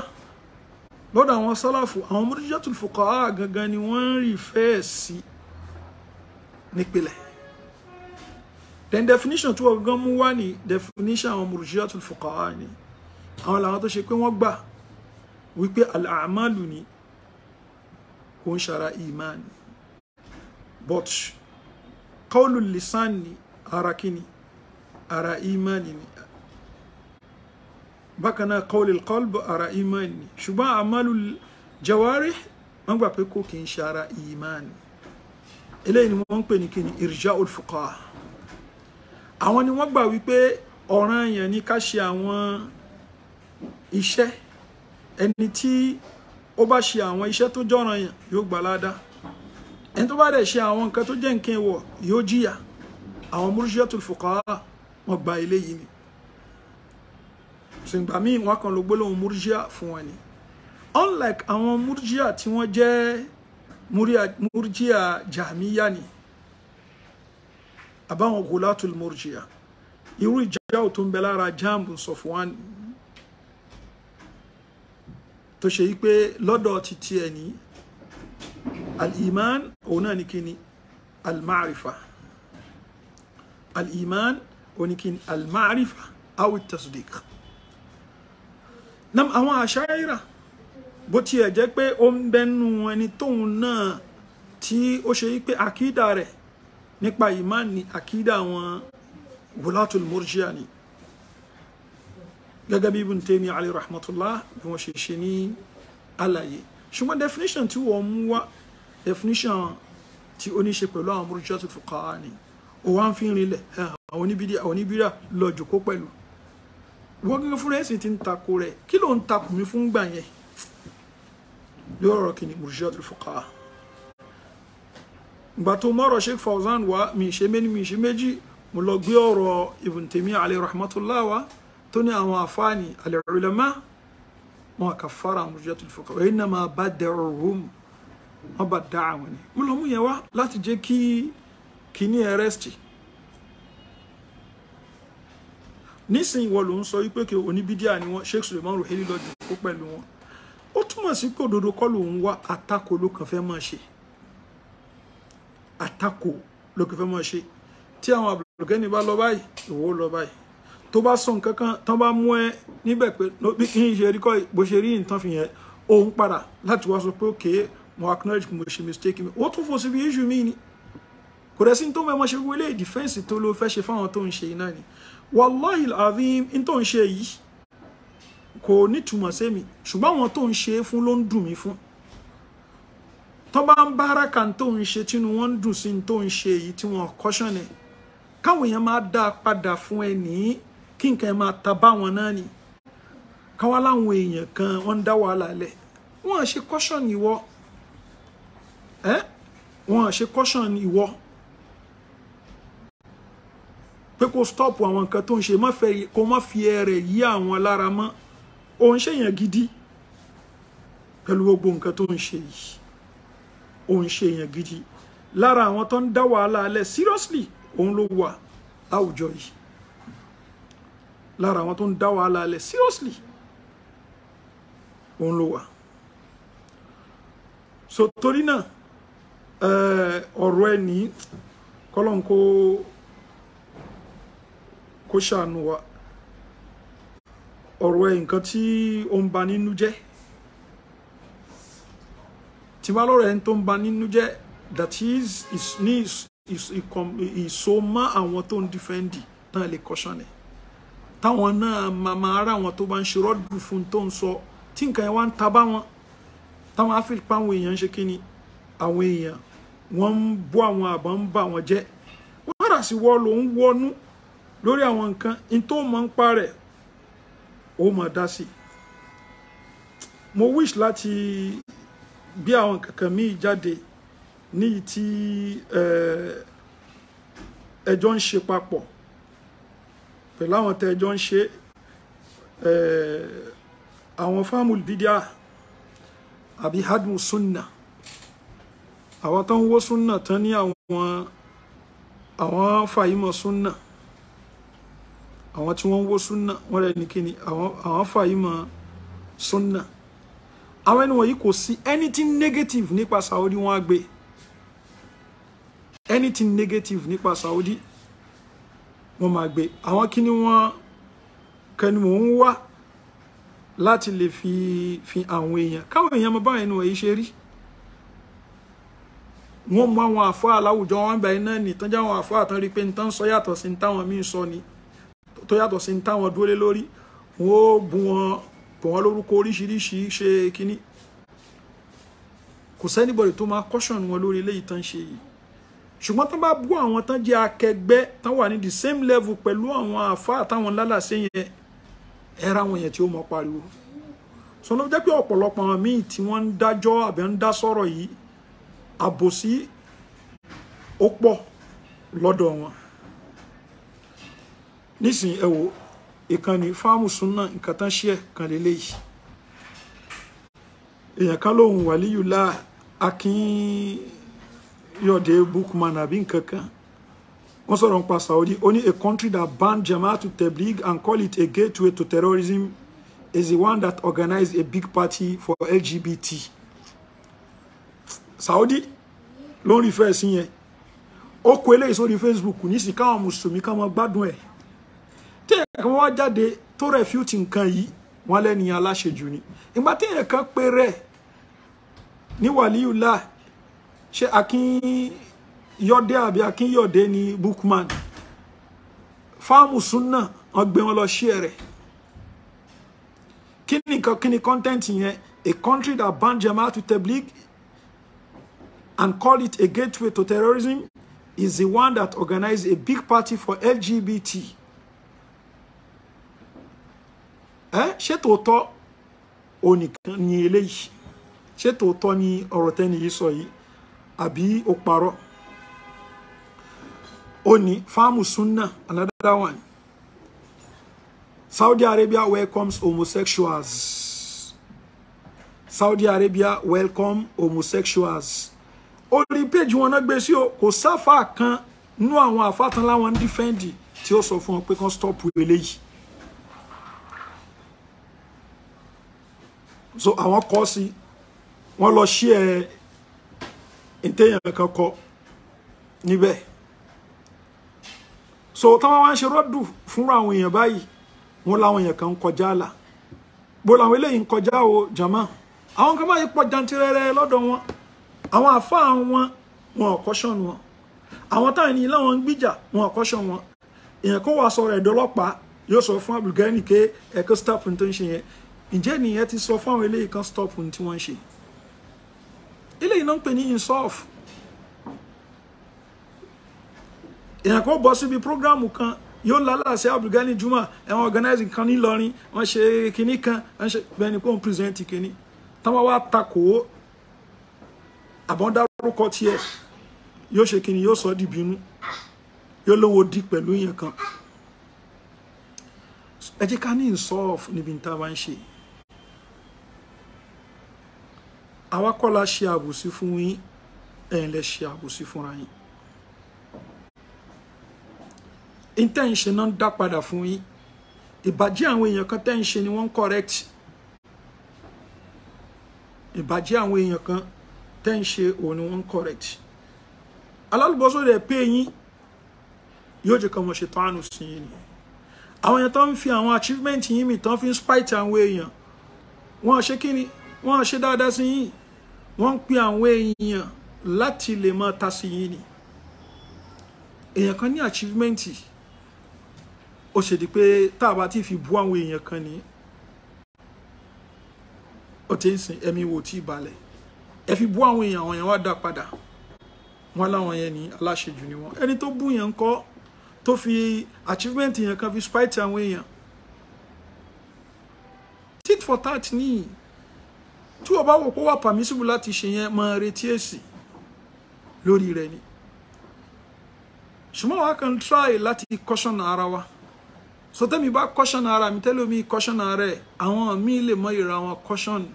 [SPEAKER 1] lọ́dọ̀ àwọn sálàfù àwọn múrjíà tó fòkàá gangan ni wọ́n ń rí fẹ́ẹ̀ sí nípìnlẹ̀ then definition tí wọ́n gan mú wá ní definition àwọn murji'atul fuqaha ni àwọn làwọn tó ṣe pé wọ́n gbà wípé al ni kò ń ṣara iman but qawlu lisan ni ara kíni ara iman ni bákan náà qawlu al-qalb ara iman ni ṣùgbọ́n a'malu jawarih wọ́n gbà pé kò kì í ṣara iman ni eléyìí ni wọ́n ń pè ní kíni irja olfuqaha àwọn ni wọ́n gbà wípé ọ̀ràn yẹn ni ká ṣe àwọn iṣẹ́ ẹni tí ó bá ṣe àwọn iṣẹ́ tó jọ̀ràn yẹn yóò gbà ládàá ẹni tó bá dẹ̀ ṣe àwọn nǹkan tó jẹ́ nǹkan ìwọ̀ yóò jìyà àwọn murjiatul fuqaha wọ́n gba eléyìí ni ṣùgbọ́n míì wọ́n kàn ló gbólóhùn murjia fún wọn ni unlike àwọn murjia tí wọ́n jẹ́ murjiya jahmiya ni àbáwọn gulatul murjiya irú ìjáwó tó ń bẹ lára jambu Sofwan tó ṣe yí pé lọ́dọ̀ títí ẹ̀ ní al-iman òun náà al-ma'rifa al-iman òun al-ma'rifa awi tasdik nam àwọn àṣà ìrà bó tiẹ̀ jẹ́ pé ó ń bẹ́nu ẹni tóun náà tí ó ṣe wípé àkídà rẹ̀ nípa ìmáà ní àkídà wọn wùlátùl murjia ni gẹ́gẹ́ bí Ibn Taymiyyah alayhi rahmatullah bí wọ́n ṣe ṣe ní àlàyé ṣùgbọ́n definition tí wọ́n mú wá definition tí ó ní ṣe pẹ̀lú àwọn murji'atul fuqaha ni ó wá ń fi rinlẹ̀ àwọn oníbídíà lọ jòkó pẹ̀lú wọ́n gẹ́gẹ́ fúnra ẹ̀sìn ti ń takò rẹ̀ kí ló ń takò mí fún gbà yẹn lórí ọ̀rọ̀ kìíní murjiatul fuqaha ìgbà tó mọ́rọ̀ sheikh fauzan wa mi ṣe méjì mi ṣe méjì mo lọ gbé ọ̀rọ̀ ibn taymiyyah alayhi rahmatullah wa tó ní àwọn àfáàní al-ulama wọn kàfàrà murjiatul fuqaha wa innama bada'uhum wọn bá dá àwọn ni mo lọ mú yẹn wá láti jẹ́ kí kìíní ẹ rẹ́sìtì nísìnyí wọ́n ló ń sọ wípé kí oníbídíà ni wọ́n sheikh suleiman ruhaili kó pẹ̀lú wọn ó túmọ̀ sí pé òdodo kọ́ lòun wá àtakò ló kàn fẹ́ máa ṣe àtakò ló kàn fẹ́ máa ṣe tí àwọn àbùkẹ́ni bá lọ báyìí ìwọ lọ báyìí tó bá sọ nǹkan kan tán bá mú ẹ níbẹ̀ pé bí kí n ṣe rí kọ́ bó ṣe rí nǹkan fi yẹn òun padà láti wá sọ pé òkè mo acknowledge mo ṣe mistake mi wọ́n tún fò síbi issue mi ni kò rẹ̀ sí tó fẹ́ mọ́ ṣe wọlé defense tó ló fẹ́ ṣe fáwọn tó ń ṣe iná ni wàláhìl azim tó ń ṣe yìí kò nítumọ̀ sí mi ṣùgbọ́n àwọn tó ń ṣe é fún ló ń dùn mí fún tó bá ń bára kan tó ń ṣe tínú wọn ń dùn sí tó ń ṣe èyí tí wọn kọ́ṣán ni káwọn èèyàn máa dá a padà fún ẹ nìyí kí nǹkan ẹ máa ni káwá láwọn èèyàn kan wọn ń dá wàhálà lẹ wọn ṣe kọ́ṣán ìwọ ẹ wọn ṣe kọ́ṣán ìwọ pé kó stop àwọn nǹkan tó ń ṣe kó má fi ẹrẹ̀ yí àwọn lára mọ́ ó ń ṣèyàn gidi pẹ̀lú gbogbo nǹkan tó ń ṣe yìí ó ń ṣèyàn gidi lára àwọn tó ń dá wàhálà alẹ́ seriously òun ló wà láwùjọ yìí lára àwọn tó ń dá wàhálà alẹ́ seriously òun ló wà so torí náà eh, ọ̀rọ̀ ẹ̀ kọ́lọ́n kó kó ṣàánú wa ọ̀rọ̀ ẹ̀ nǹkan tí ó ń ba nínú jẹ́ tí wá lọ́rọ̀ ẹ̀ tó ń ba nínú jẹ́ that is is ní ìso mọ́ àwọn tó ń dìfẹ́ǹdì náà lè kọ́ṣán ẹ̀ táwọn náà màmá ara àwọn tó bá ń ṣe rọ́dùn fún tó ń sọ tí nǹkan ẹ̀ wá ń ta bá wọn táwọn á fi pa àwọn èèyàn ṣe kí ni àwọn èèyàn wọ́n ń bọ́ àwọn àbọ̀ ń bà wọ́n jẹ́ wọ́n rà sí wọ́ ló ń wọnú lórí àwọn nǹkan in tó mọ̀ ń pa rẹ̀ O máa dá sí mo wish láti gbé àwọn kankan míì jáde ní tí eh, ẹjọ́ ń ṣe papọ̀ pẹ̀lú àwọn tẹ́ ẹjọ́ ń ṣe eh, àwọn fámùlù bídíà àbí hadmu sunna àwọn tó ń sunna tán ní àwọn àwọn fàyímọ̀ sunna àwọn tí wọ́n ń wó súnà wọ́n rẹ̀ ní kíni àwọn fàyímọ̀ súnà àwọn ẹni wọ̀nyí kò sí anything negative nípa Saudi wọ́n á gbé anything negative nípa Saudi wọ́n máa gbé àwọn kíni wọ́n kẹni mò ń wá láti lè fi fi àwọn èèyàn káwọn èèyàn mọ báwọn ẹni wọ̀nyí ṣe rí wọ́n mú àwọn àfọ́ aláwùjọ wọn bẹ̀rẹ̀ náà nìtọ́jà àwọn àfọ́ àtàn pé nìtàn sọ yàtọ̀ sí ní táwọn míì sọ ni tó yàtọ̀ sí táwọn dúró lé lórí wọn ó bu wọn pè wọn lórúkọ oríṣiríṣi ṣe kínní kò sẹ́nibọ̀dì tó máa caution wọn lórí eléyìí tán ṣe yìí ṣùgbọ́n tán bá bú àwọn tán jẹ́ akẹgbẹ́ tán wà ní the same level pẹ̀lú àwọn àáfàá táwọn lálàsẹ́ yẹn ẹ̀rọ àwọn yẹn tí ó mọ pariwo sọ ló jẹ́ pé ọ̀pọ̀lọpọ̀ àwọn míì tí wọ́n ń dájọ́ àbí ń dá sọ̀rọ̀ yìí àbòsí ó pọ̀ lọ́dọ̀ wọn nísìn ẹ wo ìkànnì fáàmù súnà nǹkan tán kan lélẹyìí èèyàn kan lòun wàlíyùlá akínyọ̀dé bookman àbí nǹkan kan wọ́n sọ̀rọ̀ nípa saudi ó ní a country that ban jamaatu tabligh and call it a gateway to terrorism is the one that organized a big party for lgbt saudi ló ń rí fẹ́ẹ̀ sí yẹn ó kó eléyìí sórí facebook nísìnyí káwọn mùsùlùmí káwọn gbádùn ẹ̀ téèyàn kan wá jáde tó refute nǹkan yìí wọn lẹ́nìyàn aláṣejù ni ìgbà téèyàn kan pé rẹ̀ ní wàlíùlà ṣe akínyọ̀dé àbí akínyọ̀dé ní bookman fáàmù súnà wọn gbé wọn lọ share rẹ̀ kí ni nǹkan kí ni content yẹn a country that ban Jama'at Tabligh and call it a gateway to terrorism is the one that organized a big party for LGBT ṣé tòótọ́ onìkan ni eléyìí ṣé tòótọ́ ni ọ̀rọ̀ tẹ́ni yìí sọ yìí àbí ó parọ́ ó ní fáàmù sunna another one Saudi Arabia welcomes homosexuals Saudi Arabia welcome homosexuals orí péjì wọn náà gbé sí o kò sáfà kan nú àwọn àfàtàn láwọn ń dífẹ́ǹdì tí ó sọ fún wọn pé kán stop eléyìí so àwọn kọ sí wọ́n lọ ṣí ẹ ìtẹyàn kan kọ níbẹ̀ so táwọn wá ń ṣe rọdù fúnra àwọn èèyàn báyìí wọ́n láwọn èèyàn kan ń kọjá àlà bó làwọn eléyìí ń kọjá o jama àwọn kan báyìí pọ̀ jantirẹrẹ lọ́dọ̀ wọn àwọn àfáà wọn wọn ọkọṣọn wọn àwọn táwọn ènìyàn láwọn ń gbìjà wọn ọkọṣọn wọn èèyàn kó wàá sọ̀rọ̀ ẹdọ ọlọ́pàá yóò sọ fún abdulgani ké ẹkọ staff tó ń ṣe yẹn ǹjẹ́ nìyẹn ti sọ fáwọn eléyìí kan stop ní tí wọ́n ń ṣe eléyìí náà ń pè ní insof èèyàn kan bọ́ síbi prógrámù kan yóò lálàsẹ abdulgani juma ẹ̀wọ̀n organizing kan nílọrin wọ́n ṣe kinní kan wọ́n ṣe bẹ́ẹ̀ ni pé wọ́n present kinní táwọn wá takò ó àbọ̀dárúkọ tiẹ̀ yóò ṣe kinní yóò sọ ọ́ dìbínú yóò lówó di pẹ̀lú yẹn kan ẹ jẹ́ ká ní insof níbi tá bá ń ṣe àwa kọ́ la ṣe àbòsí fún yín ẹ̀yin lẹ ṣe àbòsí fúnra yín intẹ́ ń ṣe náà ń dá padà fún yín ìbàjẹ́ àwọn èèyàn kan tẹ́ ń ṣe ni wọ́n ń correct ìbàjẹ́ àwọn èèyàn kan tẹ́ òun ni wọ́n correct alálùbọ́sọ rẹ̀ pé yín yóò jẹ́ kí wọ́n ṣe tánù sí yín ni àwọn èèyàn tó ń fi àwọn achievement yín mi tó ń fi spite àwọn èèyàn wọ́n ṣe kí ni wọ́n ṣe dáadáa sí yín wọ́n ń pe àwọn èèyàn láti lè máa ta sí yín ni èèyàn kan ní achievement ó ṣe di pé tá a bá ti fi bú àwọn èèyàn kan ní ó ti ń sin ẹ̀mí wo tí balẹ̀ ẹ fi bú àwọn èèyàn àwọn èèyàn wá dá padà wọn láwọn yẹn ní aláṣejù ni wọn ẹni tó bú yẹn ń kọ́ tó fi achievement yẹn kan fi spite àwọn èèyàn tit for tat níyì. tí o bá wò kó wà láti ṣe yẹn máa retí èsì lórí rẹ ni ṣùgbọ́n wàá kàn try láti caution ara wa so tẹ́mi bá caution ara mi tẹ́lómi caution ara ẹ̀ àwọn míì lè mọ ìra wọn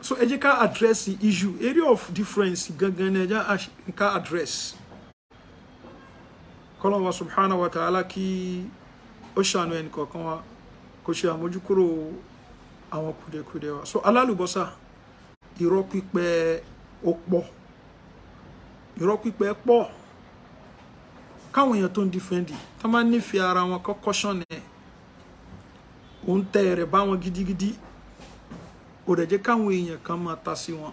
[SPEAKER 1] so ẹ jẹ́ ká address area of difference gangan ẹ jẹ́ ká address kọ́lọ́n wa subhanahu wa ta'ala kí ó ṣàánú ẹnì kọ̀ọ̀kan kó ṣe àmójúkúrò àwọn kùdẹ̀kùdẹ̀ wa so alálùbọ́sà irọ́ pípẹ́ ó pọ̀ irọ́ pípẹ́ pọ̀ káwọn èèyàn tó ń dífẹ́ǹdì tá máa nífẹ̀ẹ́ ara wọn kọ́kọ́ ṣàn ẹ̀ ó ń tẹ́ rẹ̀ bá wọn gidigidi ó dẹ̀ jẹ́ káwọn èèyàn kan máa ta sí wọn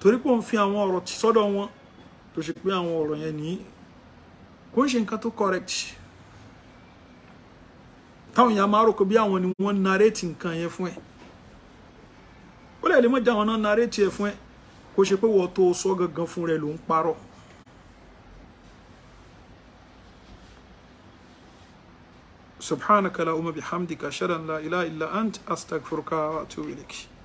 [SPEAKER 1] torí pé òun fi àwọn ọ̀rọ̀ sọ́dọ̀ wọn tó ṣe pé àwọn ọ̀rọ̀ yẹn nìyí kò ń ṣe nǹkan tó correct táwọn èèyàn máa rò pé bí àwọn ni wọ́n narrate nǹkan yẹn fún ẹ ó lè lè mọ̀ jẹ́ àwọn náà narrate ẹ fún ẹ kó ṣe pé wọ́n tó sọ gangan fún rẹ ló ń subhanaka la umma bihamdika shadan la ilaha illa ant astaghfiruka wa atubu ilayk